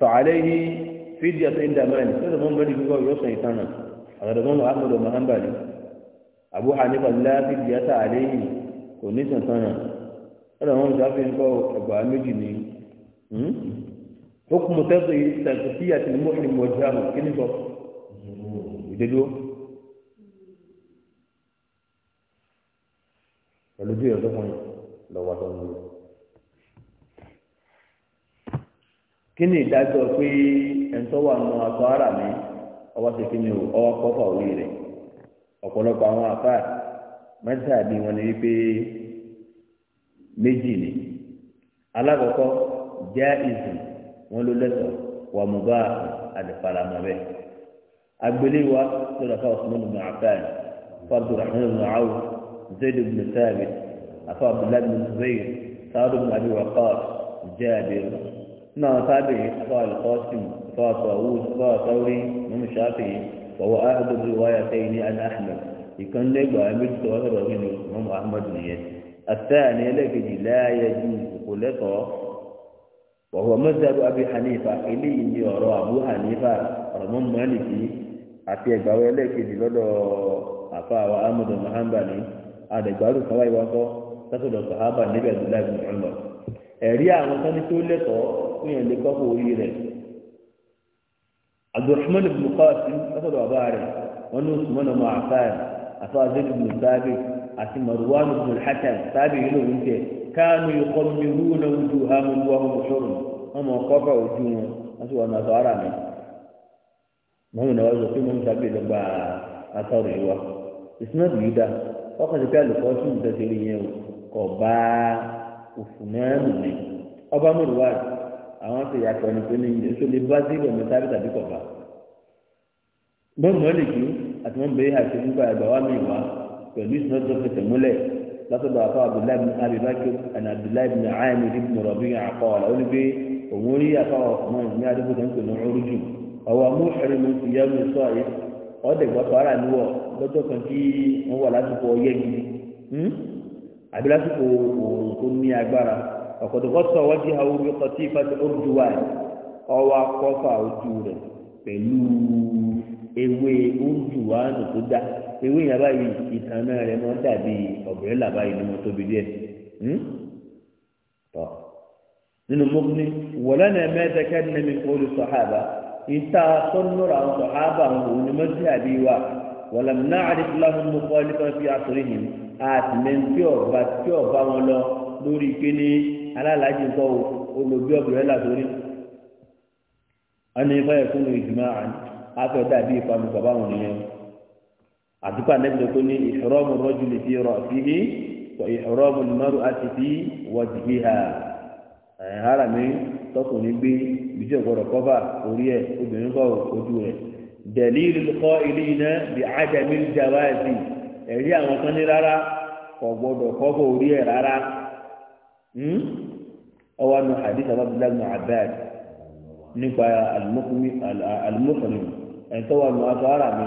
fàálẹ́yì fídíà tó ń dàmẹ́rin tó lè mọ́ mẹ́rin gbogbo yọ san ìtàn náà àgbàdo mọ́ àgbàdo mọ́ àbú hanifa láti di ata àléyìn kò ní sànsán náà ọ̀dọ̀ wọn sọ fún kọ́ ẹ̀gbà méjì ni hukumu tẹ́sí tẹ̀sí àti mọ́ṣẹ́ mọ́ṣẹ́ àmọ́ kí ni sọ ìdédúró pẹ̀lú bí ọ̀dọ́ kan lọ́wọ́ tó ń lò. kí ni ìdájọ́ pé ẹ̀ńtọ́ wà nù aṣọ ara mi ọwọ́ ti kí ni ọwọ́ kọ́fà orí rẹ̀ ọ̀pọ̀lọpọ̀ àwọn àfà mẹ́tàbí wọn ni wípé méjì ni alákọ̀ọ́kọ́ jẹ́ ìsìn wọn ló lẹ́tọ̀ wà mú bá àdìfaramọ́ bẹ́ẹ̀ agbéléwa lọ́dọ̀ fáwọn ọ̀sùnmọ́nù bùn àfáàn fáwọn abdulrahman bùn àwù zayd bùn sábẹ̀ afọ abdullahi bùn zubair sáwọ́dù bùn abi waqas jẹ́ àbẹ̀rù náà sábẹ̀ afọ alikọ́sìm afọ àtọ̀wù afọ àtọ̀wé wọ́wọ́ ahmed riwaya kẹ́yìn ní ana ahmed ìkan lẹ́gbàá méjì tó wá sọ̀rọ̀ nínú mọ́mọ́ ahmed nìyẹn àtàní ẹlẹ́kejì láàyè ju kò lẹ́tọ̀ọ́ wọ́wọ́ mọ́sálù abu hanifa eléyìí ní ọ̀rọ̀ abu hanifa ọ̀rọ̀ mọ́ mọ́lìkì àti ẹgbàáwọ̀ ẹlẹ́kejì lọ́dọ̀ àfàwọ̀ ahmed muhammad àdẹ̀gbàrú kan wáyé wákọ́ sásọ̀dọ̀ sàhábà níbẹ̀ ẹ̀rí àwọn sanni tó abdulrahman ibn qasim lọ́sọ̀dọ̀ bàbá rẹ̀ wọn ní usman ọmọ afaan afaazin ibn sabi àti marwan ibn hasan sabi yìí lòun jẹ káàmù ikọ̀ mìíràn ojú hàmù wọn mọ̀ṣọ́rùn ọmọ kọ́fà ojú wọn wọn sì wọn nàṣọ ara mi mọ̀mọ́ náà wọ́n sọ pé mọ̀mọ́ sábẹ́ lọ́gbà àtọ́rọ̀ yìí wá ìsúná bìí dá ọkàn sípẹ́ àlùkò tún ìdọ́sẹ̀rẹ̀ yẹn kọ̀ bá òfin náà nù mí ọba mọ̀rùwá rẹ̀ àwọn tó yà pẹ̀lú pé ní ìyẹn tó lè bá sí ìwọ̀n mẹ́ta bí tàbí kọ̀ọ̀bà bọ́ọ̀mù ọ̀lẹ́kì àti wọn bẹ̀rẹ̀ àti nípa ẹ̀gbà wa mi wá pẹ̀lú ìsinọ́tò fẹsẹ̀ múlẹ̀ látọ̀dọ̀ àfọ abdullahi bin abibakir àti abdullahi bin aamir bin rabi akọ́ọ̀lá ó ní pé òun rí àfọ ọ̀sán ní adébó tó ń pè ní orújù ọ̀wọ́ amúhẹ́rẹ́ mi ti yá mi sọ yìí ọ̀dẹ̀ gbọ́ fara níwọ̀ lọ́jọ́ kan tí wọ́n wà lásìkò ọyẹ́ gidi hmm? àbí lásìkò òòrùn tó ní agbára ọ̀kọ̀dù kọ́sọ̀ wájú àwọn omi kọtí ìfàtí ọ̀dùwà ọwọ́ akọ́fà ojú rẹ̀ pẹ̀lú ewé ọ̀dùwà nù tó dá ewé yẹn báyìí ìtàn náà rẹ̀ mọ́ dàbí ọ̀bẹ̀rẹ̀ làbáyìí ni wọ́n tóbi díẹ̀ hmm? tọ́ nínú mọ́kúnni wọ̀lá náà mẹ́ta kẹ́rin mi kó lè sọ̀hábà ìta sọ́nùrọ̀ àwọn sọ̀hábà àwọn òun ni mọ́tí àbí wa wọ̀lá náà àdìsílámù mọ́kọ́ nípa fi àtúrìhìn àtìmẹ́ntì ọ̀bà tí ọ̀bà wọn lọ lórí pé alálàájì ń kọ́ o olùgbé ọ̀bùrẹ́là sórí ẹni fẹ́ fún ìjùmọ̀ afẹ́ dàbí ìpamọ́ bàbá wọn nìyẹn àdúgbò anẹ́bí tó ní ìṣòrọ́mù rọ́jù lè fi rọ̀ síhí wọ ìṣòrọ́mù mọ́rù àti fi wọ́jì hí ha ẹ̀hárà mi tọkùnrin gbé ìbíjú ọ̀gbọ́dọ̀ kọ́fà orí ẹ̀ obìnrin kọ́ ojú rẹ̀ dẹ̀líìlì kọ́ ilé iná bí ájàmí jàwáàsì ẹ̀rí àwọn kan ní rárá kọ̀ gbọ́dọ̀ kọ́fà orí ẹ̀ rárá. Hmm? ọwọ́ nu hadith abdullahi bin abed nípa alimọ́kànnì ẹ̀ńtọ́ wa nu aṣọ ara mi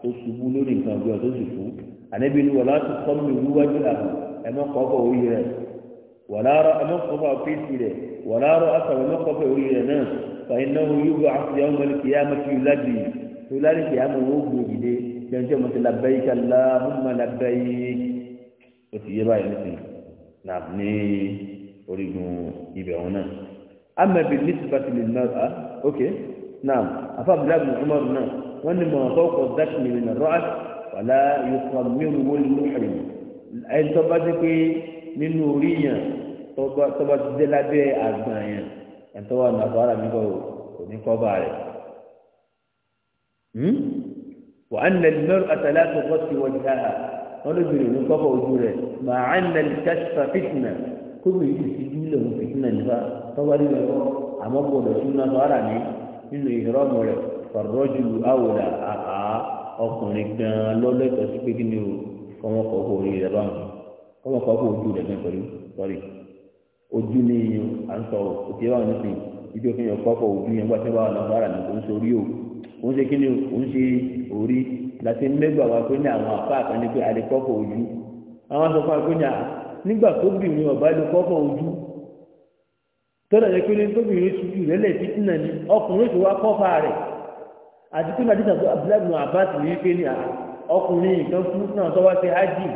tó ṣubú lórí nǹkan ọgbẹ́ tó sì fún ànábi ni wàlá tó sọ́mu mi wíwájú àrùn ẹ̀mọ́ kọ́kọ́ orí rẹ̀ wàlá rọ ẹ̀mọ́ kọ́kọ́ fèsì rẹ̀ wàlá rọ asọ̀rọ̀ ẹ̀mọ́ kọ́kọ́ orí rẹ̀ náà fàyínà wọn yóò bá aṣọ yàwọn mọ́lẹ̀ kìí àmọ́ kìí orígun ibẹ̀ wọn náà amẹ́bi nísìbàtì lè ná a ok náà afábílẹ̀ àbùnú ọmọdé náà wọ́n ní mọ̀ ọ́ kọ́ dákì nìyẹn náà rọ́ọ̀t wàlá yóò mẹ́rin wọlé lóhùn ẹni tó bá dé pé nínú orí yẹn tó bá dé lábẹ́ àgbọ̀n yẹn ẹni tó wà nàfàrà mi kọ́ kò ní kọ́ bá rẹ̀. وأن المرأة لا تغطي وجهها ولدني من قفا وجوره مع أن الكشف فتنة kóbi yìí ti dúró lòun nípa tọ́wọ́ ní ẹ̀kọ́ àmọ́ súnmọ́ sọ́ra ní nínú rẹ̀ àwòrán ọkùnrin gan-an sí pé kí ni o kọ́mọ kọ́ kó orí rẹ̀ báwọn kọ́mọ kọ́ kó ojú rẹ̀ gan pẹ̀lú sọ́rí ojú ni à ń sọ òkè wà nísìn ibi òfin yẹn kọ́ kọ́ ojú yẹn wà ń sori o òun ṣe kí ni nígbà tó bìnrin ọ̀bá ló kọ́kọ́ ojú tọ́lá yẹ pé lóbìnrin ṣubú rẹ̀ lẹ̀ títí náà ni ọkùnrin tó wá kọ́fà rẹ̀ àti pé màdìsà tó abúlẹ́bùn àbáàtì ní pé ní ọkùnrin nǹkan fún náà tó wá sí ájì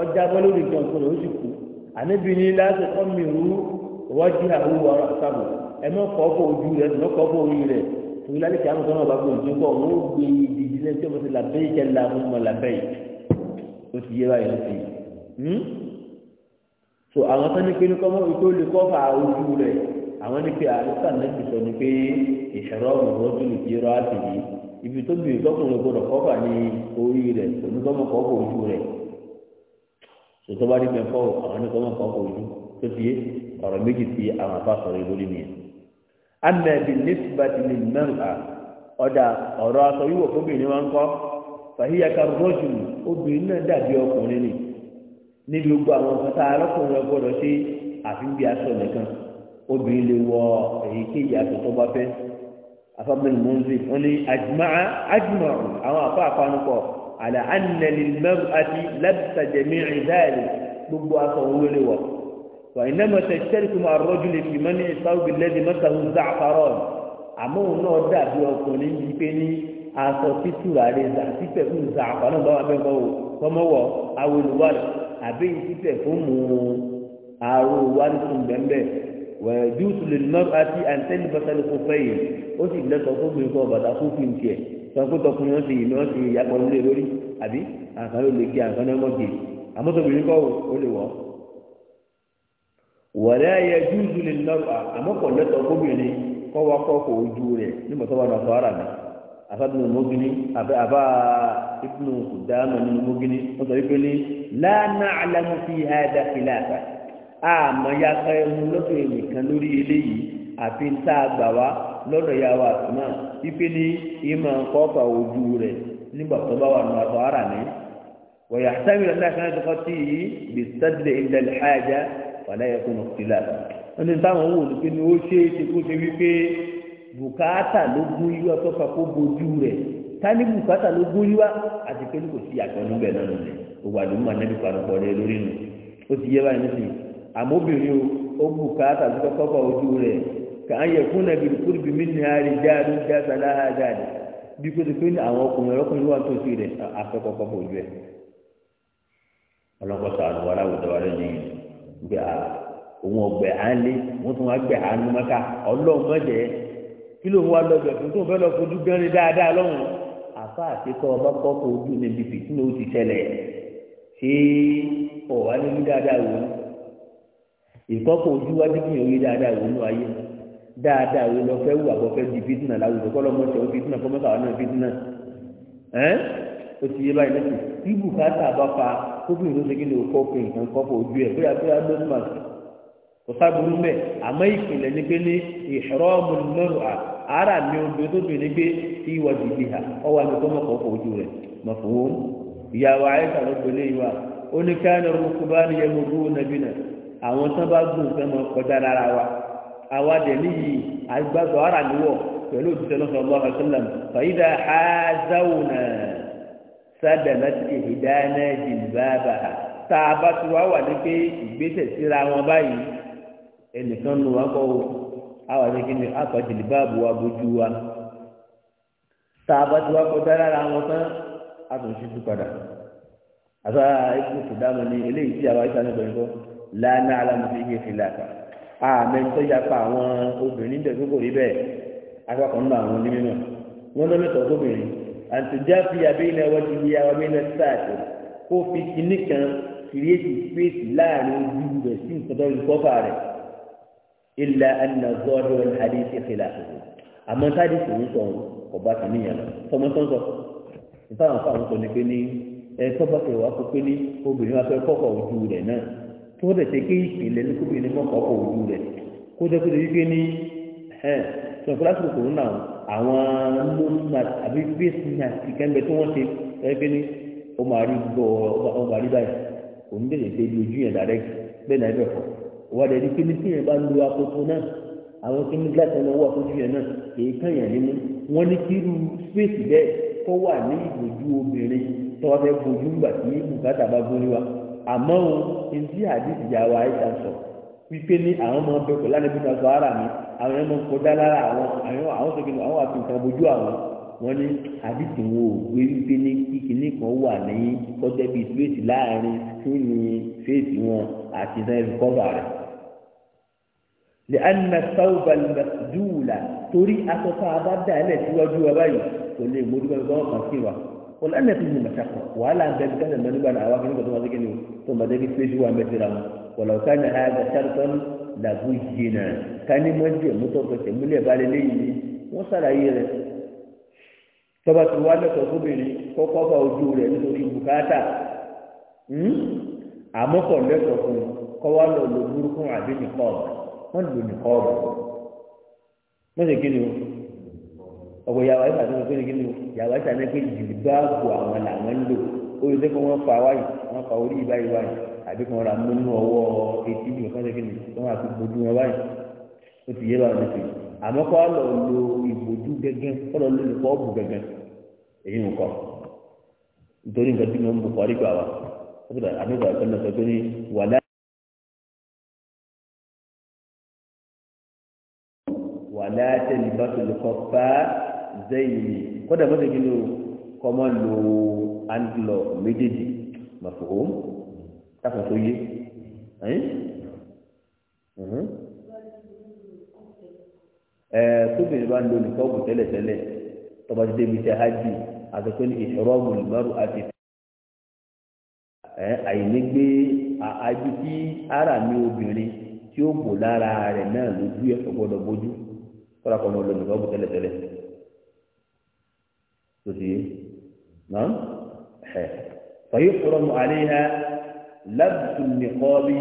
ọjà bọ́ lórí nǹkan kan ló sì kú àníbìnrin láti ọmọ ìrú ìwájú àwòrán ọ̀rọ̀ àtàbọ̀ ẹ mọ́ kọ́kọ́ ojú rẹ̀ mọ́ kọ́kọ́ orí rẹ̀ torí lálẹ́ kí àwọn ọmọ sí làbẹ́yìí kẹ́ so àwọn tó ní pé kọ́mọ́ tó lè kọ́fà ojú rẹ̀ àwọn ní pé àlùfáà náà ti sọ ní pé ìṣòro ọ̀gbọ̀n tó lè ibi tó bìí tọkùnrin gbọdọ̀ kọ́fà ní orí rẹ̀ òní kọ́mọ́ kọ́fà ojú rẹ̀ bá àwọn ní ojú tó yé níbi gbogbo àwọn nǹkan tá a lọ́kùnrin ọgbọ́dọ̀ ṣe àfi ń bí aṣọ nìkan obìnrin lè wọ èyíkéyìí aṣọ tó bá fẹ́ afọ́bìnrin mọ́nsí wọn ni àjùmọ́ra àjùmọ̀rù àwọn àfọ́ àfanukọ̀ àlà ànàlì mẹ́rù àti lábìsàjẹ̀mí ìdáàlì gbogbo aṣọ òun ló lè wọ̀ wà iná mọ̀tẹ́ sẹ́ríkù máa rọ́jú lè fi mọ́ ní ìsáwùbí lẹ́dí mọ́tàhùn záfárọ̀ àmọ́ òun náà dàbí ọkùnrin yìí pé ní aṣọ títúrà rẹ̀ zà títẹ̀ fún záfárọ̀ báwa bẹ́ẹ̀ bọ́ wọ́n mọ́wọ́ awolowó àbí ìtítẹ̀ fún mu àrò wa ní tún bẹ́ẹ̀ wẹ̀ẹ́ dúró tó lè nọ́ọ̀rù àti àǹtẹ́nì bàtàlẹ̀ kó fẹ́ yìí ó sì lẹ́tọ̀ọ́ fún mi kọ́ bàtà fún fi ń tiẹ̀ sọ pé tọkùnrin wọn ti yìí ni wọn ti yàgbọ́ nílé lórí àbí àǹkan ló lè gé àǹkan náà mọ́ gé àmọ́tòbìnrin kọ́ ó lè wọ́ wọ̀lẹ́ ayé dúró tó lè nọ́ọ̀rù àmọ́kọ̀ lẹ́tọ̀ọ́ fún mi ni kọ́ wa kọ́ kò ojú rẹ̀ nígbà tó wà lọ́sọ̀ọ́ afábìnú mọ́gínní àbá ìpinnu ìdáhàmà nínú mọ́gínní wọ́n sọ wípé ní lánà àlámù fi hàdà kìláàfà àmọ́ ya ká ẹmu lọ́dọ̀ ẹnìkan lórí eléyìí àfi ń tá a gbà wá lọ́dọ̀ ya wa àtúmọ̀ wípé ní ìmọ̀ nǹkan ọ̀fà ojú rẹ̀ nígbà tó bá wà nù àtọ̀ ara ní. wọ̀yà sẹ́yìn lọ́dọ̀ àti náà tó kọ́ tí yìí bí sẹ́dílẹ̀ ìdẹ̀lẹ̀ hájà wà láyé kó nù kìláàfà. wọ́n ní táwọn wò ní pé ní ó ṣe é ṣe kó ṣe wípé bukata ló gún yíwá tó fà kó bukata rẹ̀ ká ní ló gún àti pé kò sí àtọ́nú bẹ̀ náà òwò àdúgbò lórí ó ti yé báyìí nísìnyí àmóbìnrin ó bùkátà tó kọ́kọ́ bá ojú rẹ̀ kà yẹ fún nàbí kúrúbì mí ní àárín jáde jáde bí kò pé àwọn ọkùnrin ọkùnrin wà tó ojú àlùwárà kí ló ń wá lọ́gbẹ̀ fún tó ń fẹ́ lọ fojú gẹ́rin dáadáa lọ́hùn àfa àtẹ́kọ̀ ọba kọ́kọ́ ojú ní bíbí tí ló ti tẹ̀lẹ̀ ṣé ọ̀wá ní rí dáadáa wò ó ìkọ́kọ̀ ojú wá dídì ní orí dáadáa wò ó ayé dáadáa wò lọ fẹ́ wù àbọ̀fẹ́ di fitna láwùjọ kọ́ lọ́mọ ṣe fitna kọ́mọ́sà wà náà fitna ẹ́ o ti yé báyìí lẹ́sìn tí bùkátà bá fa kófin ló ṣe kí ni kò sábúrú mbẹ àmọ́ ìpìlẹ̀ ni pé ní ìṣòrọmù lọrù à ara mi ò do tó dùn ní pé tí ìwà dìbì hà ọwọ́ àmì tó mọkàn ọkọ ojú rẹ mọ fún wọn ìyàwó àyíká ló gbélé ìwà ó ní káyọ̀ rúkúbá ni yẹmu bú nàbí nà àwọn tán bá gùn fẹ́ mọ kọjá rárá wa àwa dẹ̀ níyì àgbàgbọ́ ara mi wọ̀ pẹ̀lú òtítọ́ lọ́sọ̀ ọlọ́ àṣẹlẹ̀m fàyídà àzáwùnà sádàlátì ìdáná jìnbáàbà tá a bá ti wá wà ní pé ìgbésẹ̀ síra wọn báyìí ẹnìkan nù wá kọ́ àwọn àdéhùn àkọ́jìlì báàbò wa bójú wa tá a bá ti wá kọjá lára wọn tán a tún ṣíṣú padà àtọ́ ikú kò dáhùn ní eléyìí tí àwa ìsàlẹ̀ pẹ̀lú kọ́ lánà alámọ̀fẹ́ yé fi làkà àmẹ́ńtọ́ yapa àwọn obìnrin dẹ̀ gbogbo rí bẹ́ẹ̀ akọ́kọ́ nínú àwọn onímọ̀ wọn lọ mẹ́tọ̀ gómìnrin àtúndá fi abẹ́yìn ẹwọ́dì ní àwọn mẹ́lẹ̀ sáàtì kó fi kinní kan kìrìẹ́tì spéèsì láàrin ojú rẹ̀ sí nǹkan kọ́fà rẹ̀ ilà ẹnna zọọdọ ẹnna adi ti fi la àmọ́ táàdì tó ń sọ ọba tó níyàn lọ tọmọ tó ń sọ ìfáwọn fáwọn sọ ni pé ní ẹ tọ́ba tẹ̀ wá kó pé ní obìnrin wa fẹ́ kọ́kọ́ ojú rẹ̀ náà tó dẹ̀ tẹ́ ké ìpìlẹ̀ ní kóbìnrin kọ́kọ́ kọ́ ojú rẹ̀ kó dẹ́ kó dẹ́ wípé ní ẹ sọ̀kúlá tó kòrò náà àwọn lónà àbí fèsì náà ti kẹ́ńbẹ́ tí wọ́n ti ẹ pé ní ọmọ àrí báyìí òun bẹ̀rẹ̀ dé ojú yẹn dàrẹ́ bẹ́ẹ̀ náà ẹ bẹ̀ fọ́ wọ́n dẹ̀ di kíni tí yẹn bá lu akoto náà àwọn kíni gíláàsì náà wà fojú yẹn náà èyí kàn yẹn nínú wọ́n ní kíru spéèsì bẹ́ẹ̀ kó wà ní ìbòjú obìnrin tó wọ́n fẹ́ fojú gbà tí bùkátà bá gbóni wa àmọ́ o ntí àdìsí ìyá wa ayíṣà sọ wípé ní àwọn ọmọ ọbẹ̀ kò lánàá bí sàgbọ́ ara mi àwọn ẹ̀mọ́ kọjá lára àwọn àwọn àwọn sọ̀kìnì àwọn àti nǹkan bojú àwọn wọn ní àdìsí wo òwe wípé ní kíkiní kan wà ní kọ́jẹ́ bíi fèsì láàrin fún ní fèsì wọn àti náà ẹ̀rí kọ́bà rẹ̀ لأن الثوب المسجول طريقة صعبة دالة وجوه بي كل يمود بالضوء مسيرة والآن فيه مشقة ولا ذلك أن من بنى أواخر بدون ذلك ثم ذلك في جوا مثلا ولو كان هذا شرطا لبجنا كان مجد متوقع من يبالي لي وصل إليه tọba tí wàá lẹtọ gómìnir kọkọ bá ojú rẹ nítorí bùkátà àmọkọ lẹtọ fún wọ́n lò ní kọ́ọ̀bù mọ́tò kíni o ọ̀pọ̀ yàrá ìfà tó ń pè ní kíni o yàrá ìfà náà pé jìbáàbù àwọn làwọn ń lò olùdé kan wọ́n fa wáyé wọ́n fa orí ìbáyé wáyé àbí kan ra múnú ọwọ́ etí ìdìbò kan kíni wọ́n máa fi gbójú wọn wáyé ó ti yé wa ní ti àmọ́ kọ́ lọ lo ìbòjú gẹ́gẹ́ kọ́ lọ lo ìkọ́ọ̀bù gẹ́gẹ́ èyí nǹkan nítorí nǹkan tí mo ń bọ̀ kọ́ àdìgbà wa tẹ̀lé bá tó lè kọ́ bá zẹ́yìn ni kódà mọ́tò kí ló kọ́ mọ́ lo anglo méjèèjì màfòó káfọ́ tó yé ẹ̀ẹ́ tóbìnrin bá ń lo nìkan ọ̀bùn tẹ́lẹ̀tẹ́lẹ̀ tọba ti débi tẹ hajj àtọ́kọ́ ní ìṣòrọ́ọ̀mù ìmọ̀rù àti ẹ̀ àìnígbé àájú tí ara mi obìnrin tí ó bò lára rẹ̀ náà lójú ẹ̀ ọ̀gbọ́dọ̀ bójú kọ́ra kọ́ ọmọ olómi lọ́wọ́ tẹ́lẹ̀tẹ́lẹ̀ tó ti yé náà ẹ̀ fàyè kúrọ̀ mu àlẹ́ yẹn lábùtù nìkọ́bí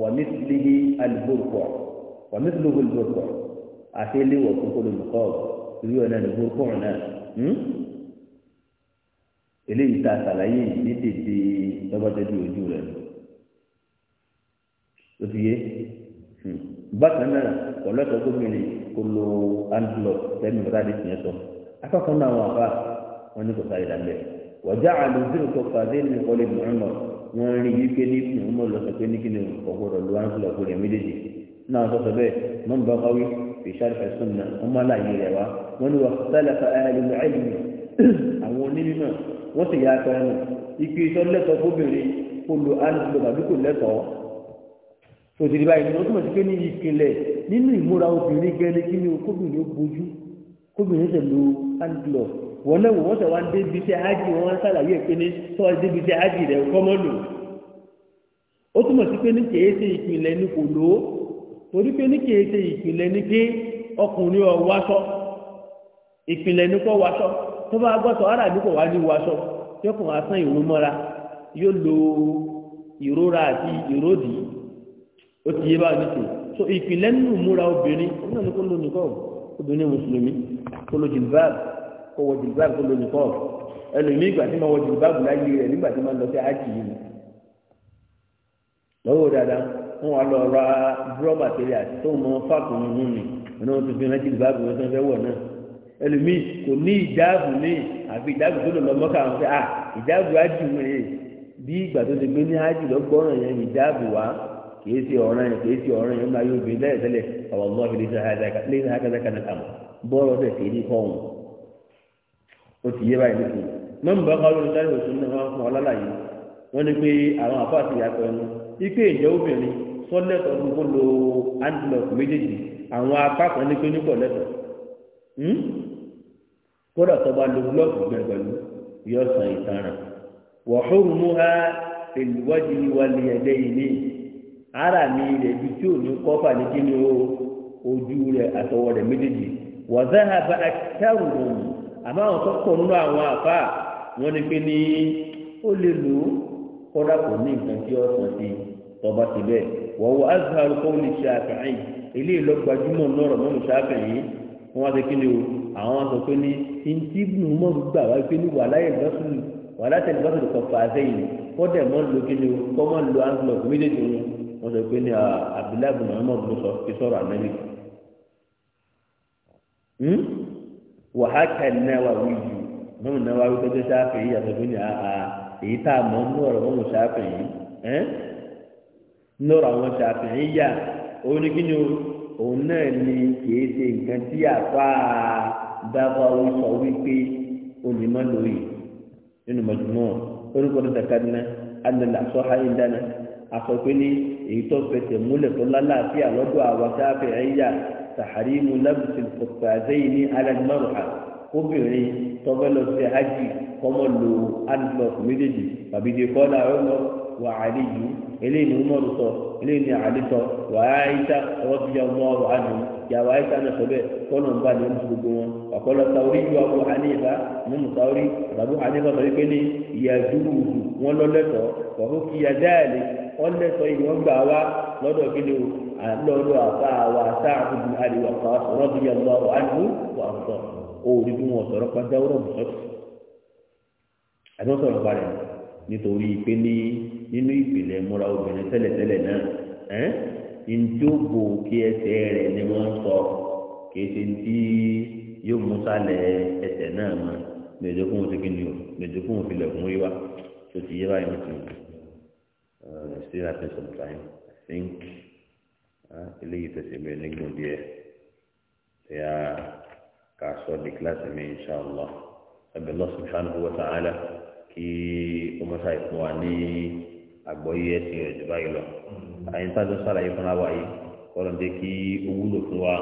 wà mísìlìhì alìbórúkọ wà mísìlìhì alìbórúkọ àti ilé wọ̀ kókó lómi kọ́ ìlú ọ̀nà alìbórúkọ náà eléyìí tá a ní tètè lọ́bàdẹ́bí ojú rẹ̀ tó ti yé bákan náà ọ̀lọ́tọ̀ gómìnà kó lo antelope sẹ́ni bàtà àti tìyẹn sọ akọ́kọ́ náà wọn àbá wọn ní kò sáré dàgbẹ́ wọ́jà àlùfíì tó fàdé ní ọlẹ́ ìmọ̀ wọn rí wípé ní ìmọ̀ lọ́sọ̀ pé ní kíni ọ̀gbọ́dọ̀ lo antelope rẹ̀ méjèèjì náà sọ̀tọ̀ bẹ́ẹ̀ mọ́n bá wáwí fi sáré fẹ̀sùn náà wọ́n má láàyè rẹ̀ wá wọ́n ní wà sálẹ̀fà àwọn onímọ̀ wọ́n sì yá akọ ẹnu ike iṣẹ́ lẹ́tọ̀ọ́ fóbìnrin kó lo antelope àbí kò lẹ́tọ̀ọ́ tòtìrì báyìí ni wọ́n túmọ̀ sí nínú ìmúra obìnrin gẹ́ni kí ni kóbìnrin ó bojú kóbìnrin tẹ̀ lo handglove wọn náà wọ́n tẹ̀ wá débi tẹ́ ájì wọn ṣàlàyé pé ní tọ́ débi tẹ́ ájì rẹ̀ kọ́mọ́ ó túmọ̀ sí pé ní kèé ṣe ní kò lò ó torí pé ní ní ọkùnrin wáṣọ ní kọ́ wáṣọ tó bá gbọ́tọ̀ ara àdúgbò wá ní wáṣọ tí ọkùnrin asán ìrún mọ́ra yóò lo ìrora àti ìròdì ó so ìpìlẹ̀ nínú múra obìnrin òun náà ni kó ló nìkọ́ obìnrin mùsùlùmí kó lo jìlbáàbù kó wọ jìlbáàbù kó lo nìkọ́ ẹlòmíì ìgbà tí ma wọ jìlbáàbù láyé rẹ̀ nígbà tí ma lọ sí ájì yìí lọ́wọ́ dáadáa wọ́n wá lọ ra dúrọ́bà tẹ̀lé àti tó mọ fáàkùnrin mú mi ẹni wọ́n ti fi rán jìlbáàbù wọn tó ń fẹ́ wọ̀ náà ẹlòmíì kò ní ìdáàbù ní àfi ìdáàbù tó lọ lọ mọ́kà wọn fẹ́ à ìdáàbù kìí ṣe ọ̀ràn yẹn kìí ṣe ọ̀ràn yẹn máa yóò bí lẹ́ẹ̀tẹ́lẹ̀ àwọn ọlọ́ọ̀fì lè ṣe àkàtàkà náà àmọ́ bọ́ọ̀rọ̀ tẹ̀ sí ní kọ́ọ̀hún ó ti yé báyìí nìkan mọ́mú bá kọ́ lórí sáré òsùn náà wọ́n fún ọ lálàyé wọ́n ní pé àwọn àbá àti ìyàtọ̀ ẹnu ike ìjọ obìnrin sọ́lẹ̀tọ̀ fún kó lo antelope méjèèjì àwọn apá kan ní pé nípò lẹ́tọ̀ hmm? kódà tó ha èlùwájú wa ara mi rẹ̀ ju tí ò ní kọ́fà ní kí ni o ojú rẹ̀ àtọwọ́ rẹ̀ méjèèjì wàzà àbá akẹ́rùn àmọ́ àwọn tó kọ̀ nínú àwọn àfa wọn ni pé ní ó lè lò ó kọ́dà kò ní nǹkan tí ó sàn sí tọba ti bẹ́ẹ̀ wọ́n wọ azhar kọ́wọ́lì ṣàfihàn eléyìí lọ gbajúmọ̀ lọ́rọ̀ mọ́mú ṣàfihàn wọ́n wá sí kí ni o àwọn sọ pé ní ntí nù mọ́ gbà wá pé ní wàhálà yẹn lọ́sùn wàhálà tẹ̀lé bọ́sùn kọ̀ fà wọ́n sọ pé ní na ah, bin ló sọ fi sọ̀rọ̀ ànábì wàhálà náà wíjù mọ́mù náà wíjù tó sáfẹ̀ yìí ah, ah, èyí tá a mọ̀ ń lọ́rọ̀ mọ́mù sáfẹ̀ yìí ẹ́ eh? lọ́rọ̀ àwọn sáfẹ̀ yìí yà òun òun náà ni kìí ṣe nǹkan tí àpá dábàá sọ wípé nínú orúkọ tó èyí tó fẹsẹ̀ múlẹ̀ tó lálàáfíà lọ́dọ̀ àwọn sáfẹ̀ ẹ̀yà tàhárímù lábùsì kòtàzẹ́yìn ní alágbàrúhà obìnrin tọ́gbẹ́ lọ sí hajj kọ́mọ lo adlọ́k méjèèjì tàbídé kọ́lá ọmọ wà àlè yìí eléyìí ni umaru sọ eléyìí ni àlè sọ wà áyíṣà rọ́bìyà umaru àlè yàwá áyíṣà náà sọ́bẹ̀ kọ́nà ń bá ní oṣù gbogbo wọn ọ̀pọ̀lọ̀ sàwórí ju abu hanifa mímu sàwórí abu hanifa sọ wípé ní ìyàjú wọn lọ lẹ́tọ̀ọ́ wọ́n kí yàdáàlè wọ́n lẹ́sọ̀ yìí wọ́n gbà wá lọ́dọ̀ kíni o lọ́dọ̀ àbá wa sáàbùdù àríwá kan sọ̀rọ̀ bí yàgbọ́ àwọn àdúgbò wà ń sọ òòrì bí wọn sọ̀rọ̀ padà wọ́n bọ̀ sọ́tù àti wọ́n sọ̀rọ̀ parẹ̀ nítorí pé ní nínú ìpìlẹ̀ múra obìnrin tẹ́lẹ̀tẹ́lẹ̀ náà ẹ́ ntòbò kí ẹsẹ̀ rẹ̀ ni wọ́n sọ kéde ntí yóò mú sálẹ̀ ẹsẹ̀ náà mọ́ mẹ̀dẹ́kùn òsèkìnnì o mẹ̀dẹ́kùn òfìlẹ̀kùn yíwá tó ti yé báyìí wọ́n ti wọ́n uh, still happen sometime. I think eléyìí uh, tó ṣe bẹ́ẹ̀ nígbò díẹ̀ tí a kà sọ di kíláàsì mi inṣàlá ẹbẹ̀ lọ́sùn subhanahu wa ta'ala kí ó mọ́ṣá ìpọ́n wa ní àgbọ̀yé ẹ̀sìn rẹ̀ jù báyìí lọ. àyìn tá a jọ sàlàyé fúnra wa yìí kọ́lọ́ndé kí ó wúlò fún wa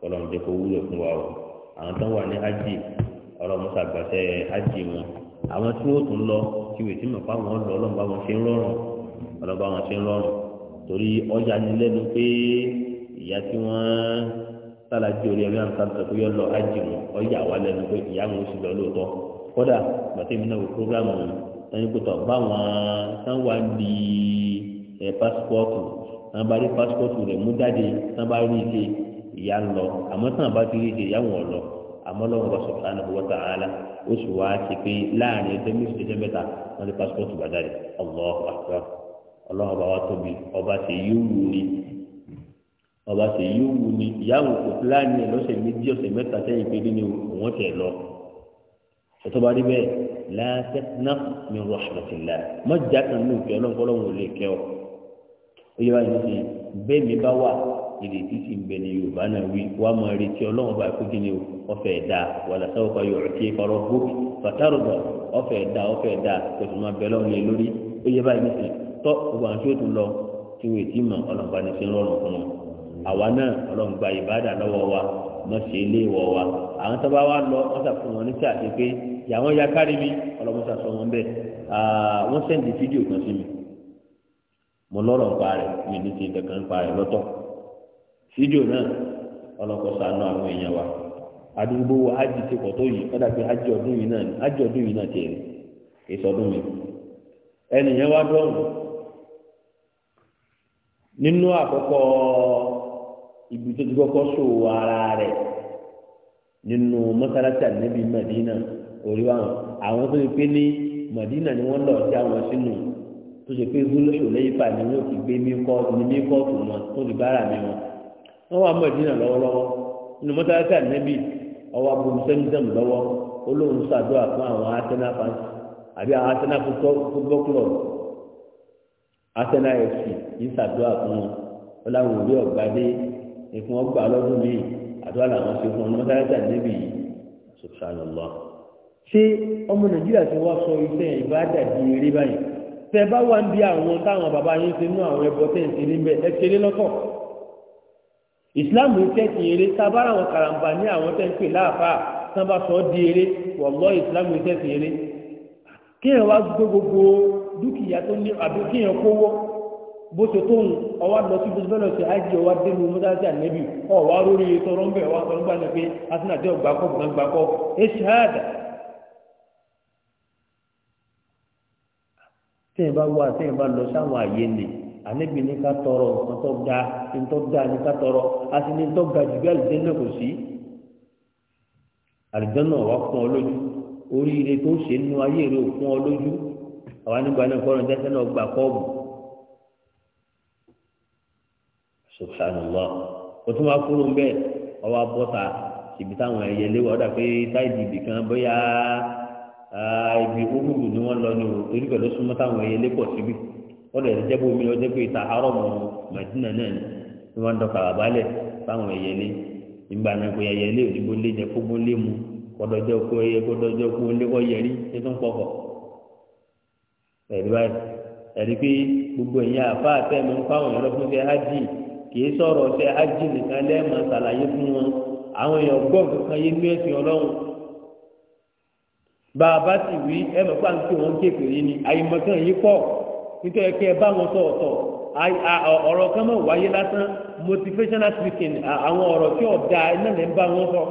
kọ́lọ́ndé kó wúlò fún wa o. àwọn tó ń wà ní hajj ọlọ́mùsàgbàṣẹ́ hajj wọn àwọn tí wọ́n tún lọ kí wèé tí mọ̀ fáwọn lọ ọlọ́mùbá ọlọ́ba wọn ṣe ń rọrùn torí ọjà ni lẹ́nu pé ìyá tí wọ́n sálájú orí ẹ̀rí àǹtà tó yọ lọ ájì wọn ọjà wà lẹ́nu pé ìyá wọn sì lọ lóòótọ́ kódà bàtẹ́ mi náà wò prógrámù wọn ẹni pẹ̀tọ̀ di pásítọ̀tù bá rí pásítọ̀tù rẹ̀ mú jáde bá rí ike ìyá ń lọ àmọ́ bá ti rí ọlọ́run ọba wa tóbi ọba tẹ yóò wù ni ọba tẹ yóò wù ni ìyáwó kò pílánì ẹ lọ́sẹ̀ méjì ọ̀sẹ̀ mẹ́ta sẹ́yìn péré ni òun tẹ̀ lọ ẹ̀tọ́ bá rí bẹ́ẹ̀ láàṣẹ náà mi rọ àṣàtìlá mọ́jà kan ní òkè ọlọ́run kọ́lọ́run ò lè kẹ́ ọ ó yẹ báyìí ní bẹ́ẹ̀ mi bá wà ìrètí sì ń bẹ ní yorùbá náà wí wàá máa retí ọlọ́run bá kó kíni ọfẹ́ ẹ̀dá wàlá sáwọ́pá yóò rẹ̀ tí ẹ fọ́rọ́ fàtàrọ̀dọ̀ ọfẹ́ ẹ̀dá ọfẹ́ ẹ̀dá kò sì máa bẹ lórí ó yẹ báyìí ní tọ gbogbo àwọn tí ó tún lọ tí wọ́n ti mọ ọlọ́mọba ní fi rọrùn fún wọn àwa náà wa mọ̀sí ilé wọ̀ wa àwọn tó bá wá lọ wọ́n sà fún wọn ní sáà pé yàwọn ya kárí mi ọlọ́mọsà sọ wọn bẹ́ẹ̀ fídíò kan sí mi mo ń pa mi ní ti ń pa fídíò náà àwọn èèyàn wa àdúgbò ti pọ̀ nínú àkọ́kọ́ ibi tó ti kọ́kọ́ so ara rẹ̀ nínú mọ́sálásí ànábì màdínà orí wa àwọn tó ti pé ní màdínà ni wọ́n lọ sí àwọn sínú tó ti pé gúlóṣù lẹ́yìn fà ni wọ́n ti gbé míkọ́ọ̀tù ní míkọ́ọ̀tù wọn tó ti bára mi wọn wọ́n wà màdínà lọ́wọ́lọ́wọ́ nínú mọ́sálásí ànábì ọwọ́ abomi sẹ́mísẹ́m lọ́wọ́ olóhùn sàdúrà fún àwọn atẹ́náfà àbí àwọn atẹ́náfà fútbọ́ kúlọ̀bù arsenal fc ń ṣàdúrà fún wọn wọn làwọn òbí ọ̀gbadé ìfún ọgbà lọ́dún míì àdúrà làwọn ṣe fún ọmọ mọ́tàlẹ́tà níbí yìí subhanallah ṣé ọmọ nàìjíríà ti wá sọ iṣẹ́ ìbáàdà di eré báyìí tẹ bá wà ń bí àwọn táwọn bàbá yín ti nú àwọn ẹbọ tẹ̀ ń ṣe níbẹ̀ ẹ ṣeré lọ́kọ̀ ìsìláàmù iṣẹ́ ti eré tábára àwọn karambà ní àwọn tẹ̀ ń pè láàfáà tán sọ di eré wọ̀lọ́ ìsìláàmù iṣẹ́ ti eré kí ẹ wá gbogbo dúkìá tó ní àbí kí èèyàn kówó bó ṣe tó ń ọwá lọ sí bó ṣe bẹ́ẹ̀ lọ sí ájì ọwá dénú tọrọ ń bẹ̀ wá tọrọ náà pé asínàdé ọgbàkọ̀ gbàgbàkọ̀ èsì bá wá bá lọ sáwọn àyè nì tọrọ nǹkan tó ní tó tọrọ ní tó ga jù bí kò sí fún ọ lójú oríire tó àwọn anigba náà kọ́ ọ́n tẹ́tẹ́ náà gbà kọ́ọ̀bù o tún wá kúrò ń bẹ́ẹ̀ ọwọ́ ibi táwọn ẹ̀yẹ léwọ́ ọ̀dà pé táìdì ibì kan bóyá ibi òhùrù ni lọ ní o torí táwọn lé síbi lè bómi pé ìta màdínà náà ni ń táwọn lé nígbà náà pé lé òdìbò lé jẹ lé mu kó ẹyẹ kó lé yẹrí tó tún ẹ̀rí báyìí ẹ̀rí pé gbogbo ẹ̀yìn àfa àtẹ̀mí ń fáwọn èèyàn lọ́fún ṣe hajj kì í sọ̀rọ̀ ṣe nìkan lẹ́ẹ̀mọ́ ṣàlàyé fún wọn àwọn èèyàn gbọ́ yé ní ẹ̀sìn ọlọ́run a sì wí kí wọ́n ni yìí sọ ọ̀rọ̀ kan mọ̀ wáyé lásán motivational speaking àwọn ọ̀rọ̀ tí ọ̀dà iná ń bá wọn sọ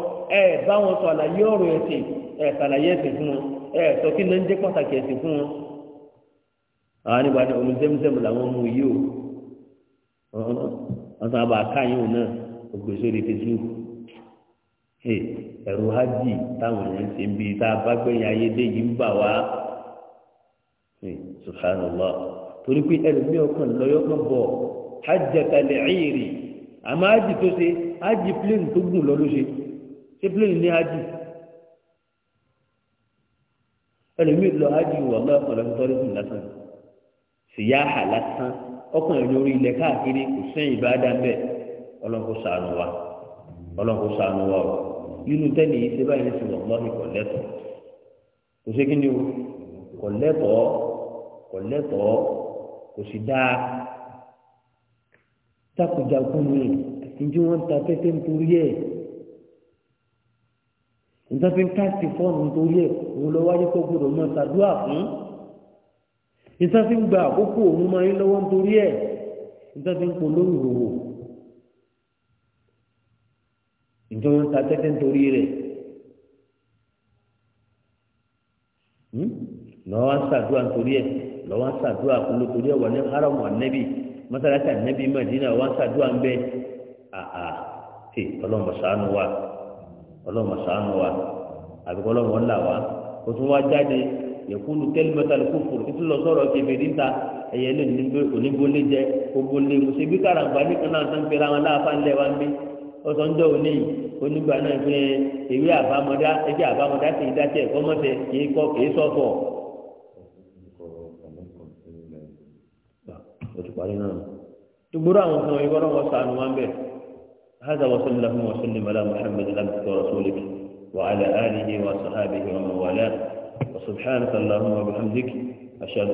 ẹ bá wọn sọ àlàyé ọ̀rọ̀ ẹ̀sìn ẹ̀sìn fún wọn sọ kí ní àwọn nípa ní omi sẹ́mùsẹ́mù làwọn mú yí o wọ́n sábà káyọ̀ náà ògbésórí facebook ẹ̀rù hajj táwọn èèyàn ṣe ń bi tá a bá gbẹ̀yìn ayédè yìí ń bà wá subhanallah torí pé ẹlòmí ọkàn lọ́yọ́kàn bọ̀ hajj kalẹ̀ ẹ̀yìnrì àmọ́ hajj tó ṣe hajj plane tó gùn lọ ló ṣe ṣé plane ní hajj ẹlòmí lọ hajj wọ̀ lọ́kàn lọ́kàn lásán síyáhà lásán ọkùnrin ní orí ilẹ̀ káàkiri kò sẹ́yìn bá dá bẹ́ẹ̀ ọlọ́kó sànù wa ọlọ́kó sànù wa o nínú tẹ́lẹ̀ yìí ṣe báyìí ní sinmi ọlọ́ọ̀ni kò lẹ́tọ̀ọ́ kò sí kíni o kò lẹ́tọ̀ọ́ kò lẹ́tọ̀ọ́ dáa takujakun ni njẹ wọn ta tẹtẹ nítorí ẹ nítorí káàsì fọ́ọ̀nù nítorí ẹ òun lọ wáyé kó gbọdọ̀ mọ́ ṣàdúrà fún nítorí fi ń gba àkókò òun máa ń lọ́wọ́ nítorí ẹ̀ nítorí fi ń pon lórí ìhòòhò nítorí wọn ta tẹ́tẹ́ nítorí rẹ̀ hmm? lọ́wọ́ ń ṣàdúrà nítorí ẹ̀ lọ́wọ́ ń ṣàdúrà olótorí ẹ̀ wà ní haramu anabi masalasi anabi madina wà ń ṣàdúrà ń bẹ́ àà tè ọlọ́mọ sànù wa ọlọ́mọ sànù wa àbíkọ́ ọlọ́mọ ńlá wa ó tún wá jáde yẹkulu kẹlẹmẹta ló kó fòrò títí lọ sọrọ kébé níta ẹyẹ lè onígbólé jẹ ogbólé musu ibi karamba ní kan náà tó ń pera wọn láàfáà ńlẹ wa ń bí ọsọńdọ òní onígbà náà fi ewé àbámọdá ẹjẹ àbámọdá kì í dáṣẹ kọmọṣẹ kì í kọ kì í sọfọ. tugburu àwọn kan ìwọ́n náà wọ́n sànù wọn bẹ́ẹ̀ hàzà wọ́n sọ́ni lọ́fún wọn sọ́ni mọ́lá muhammed alámi tó rọ̀ sólè wàhálà áàlì yìí وسبحانك اللهم وبحمدك أشهد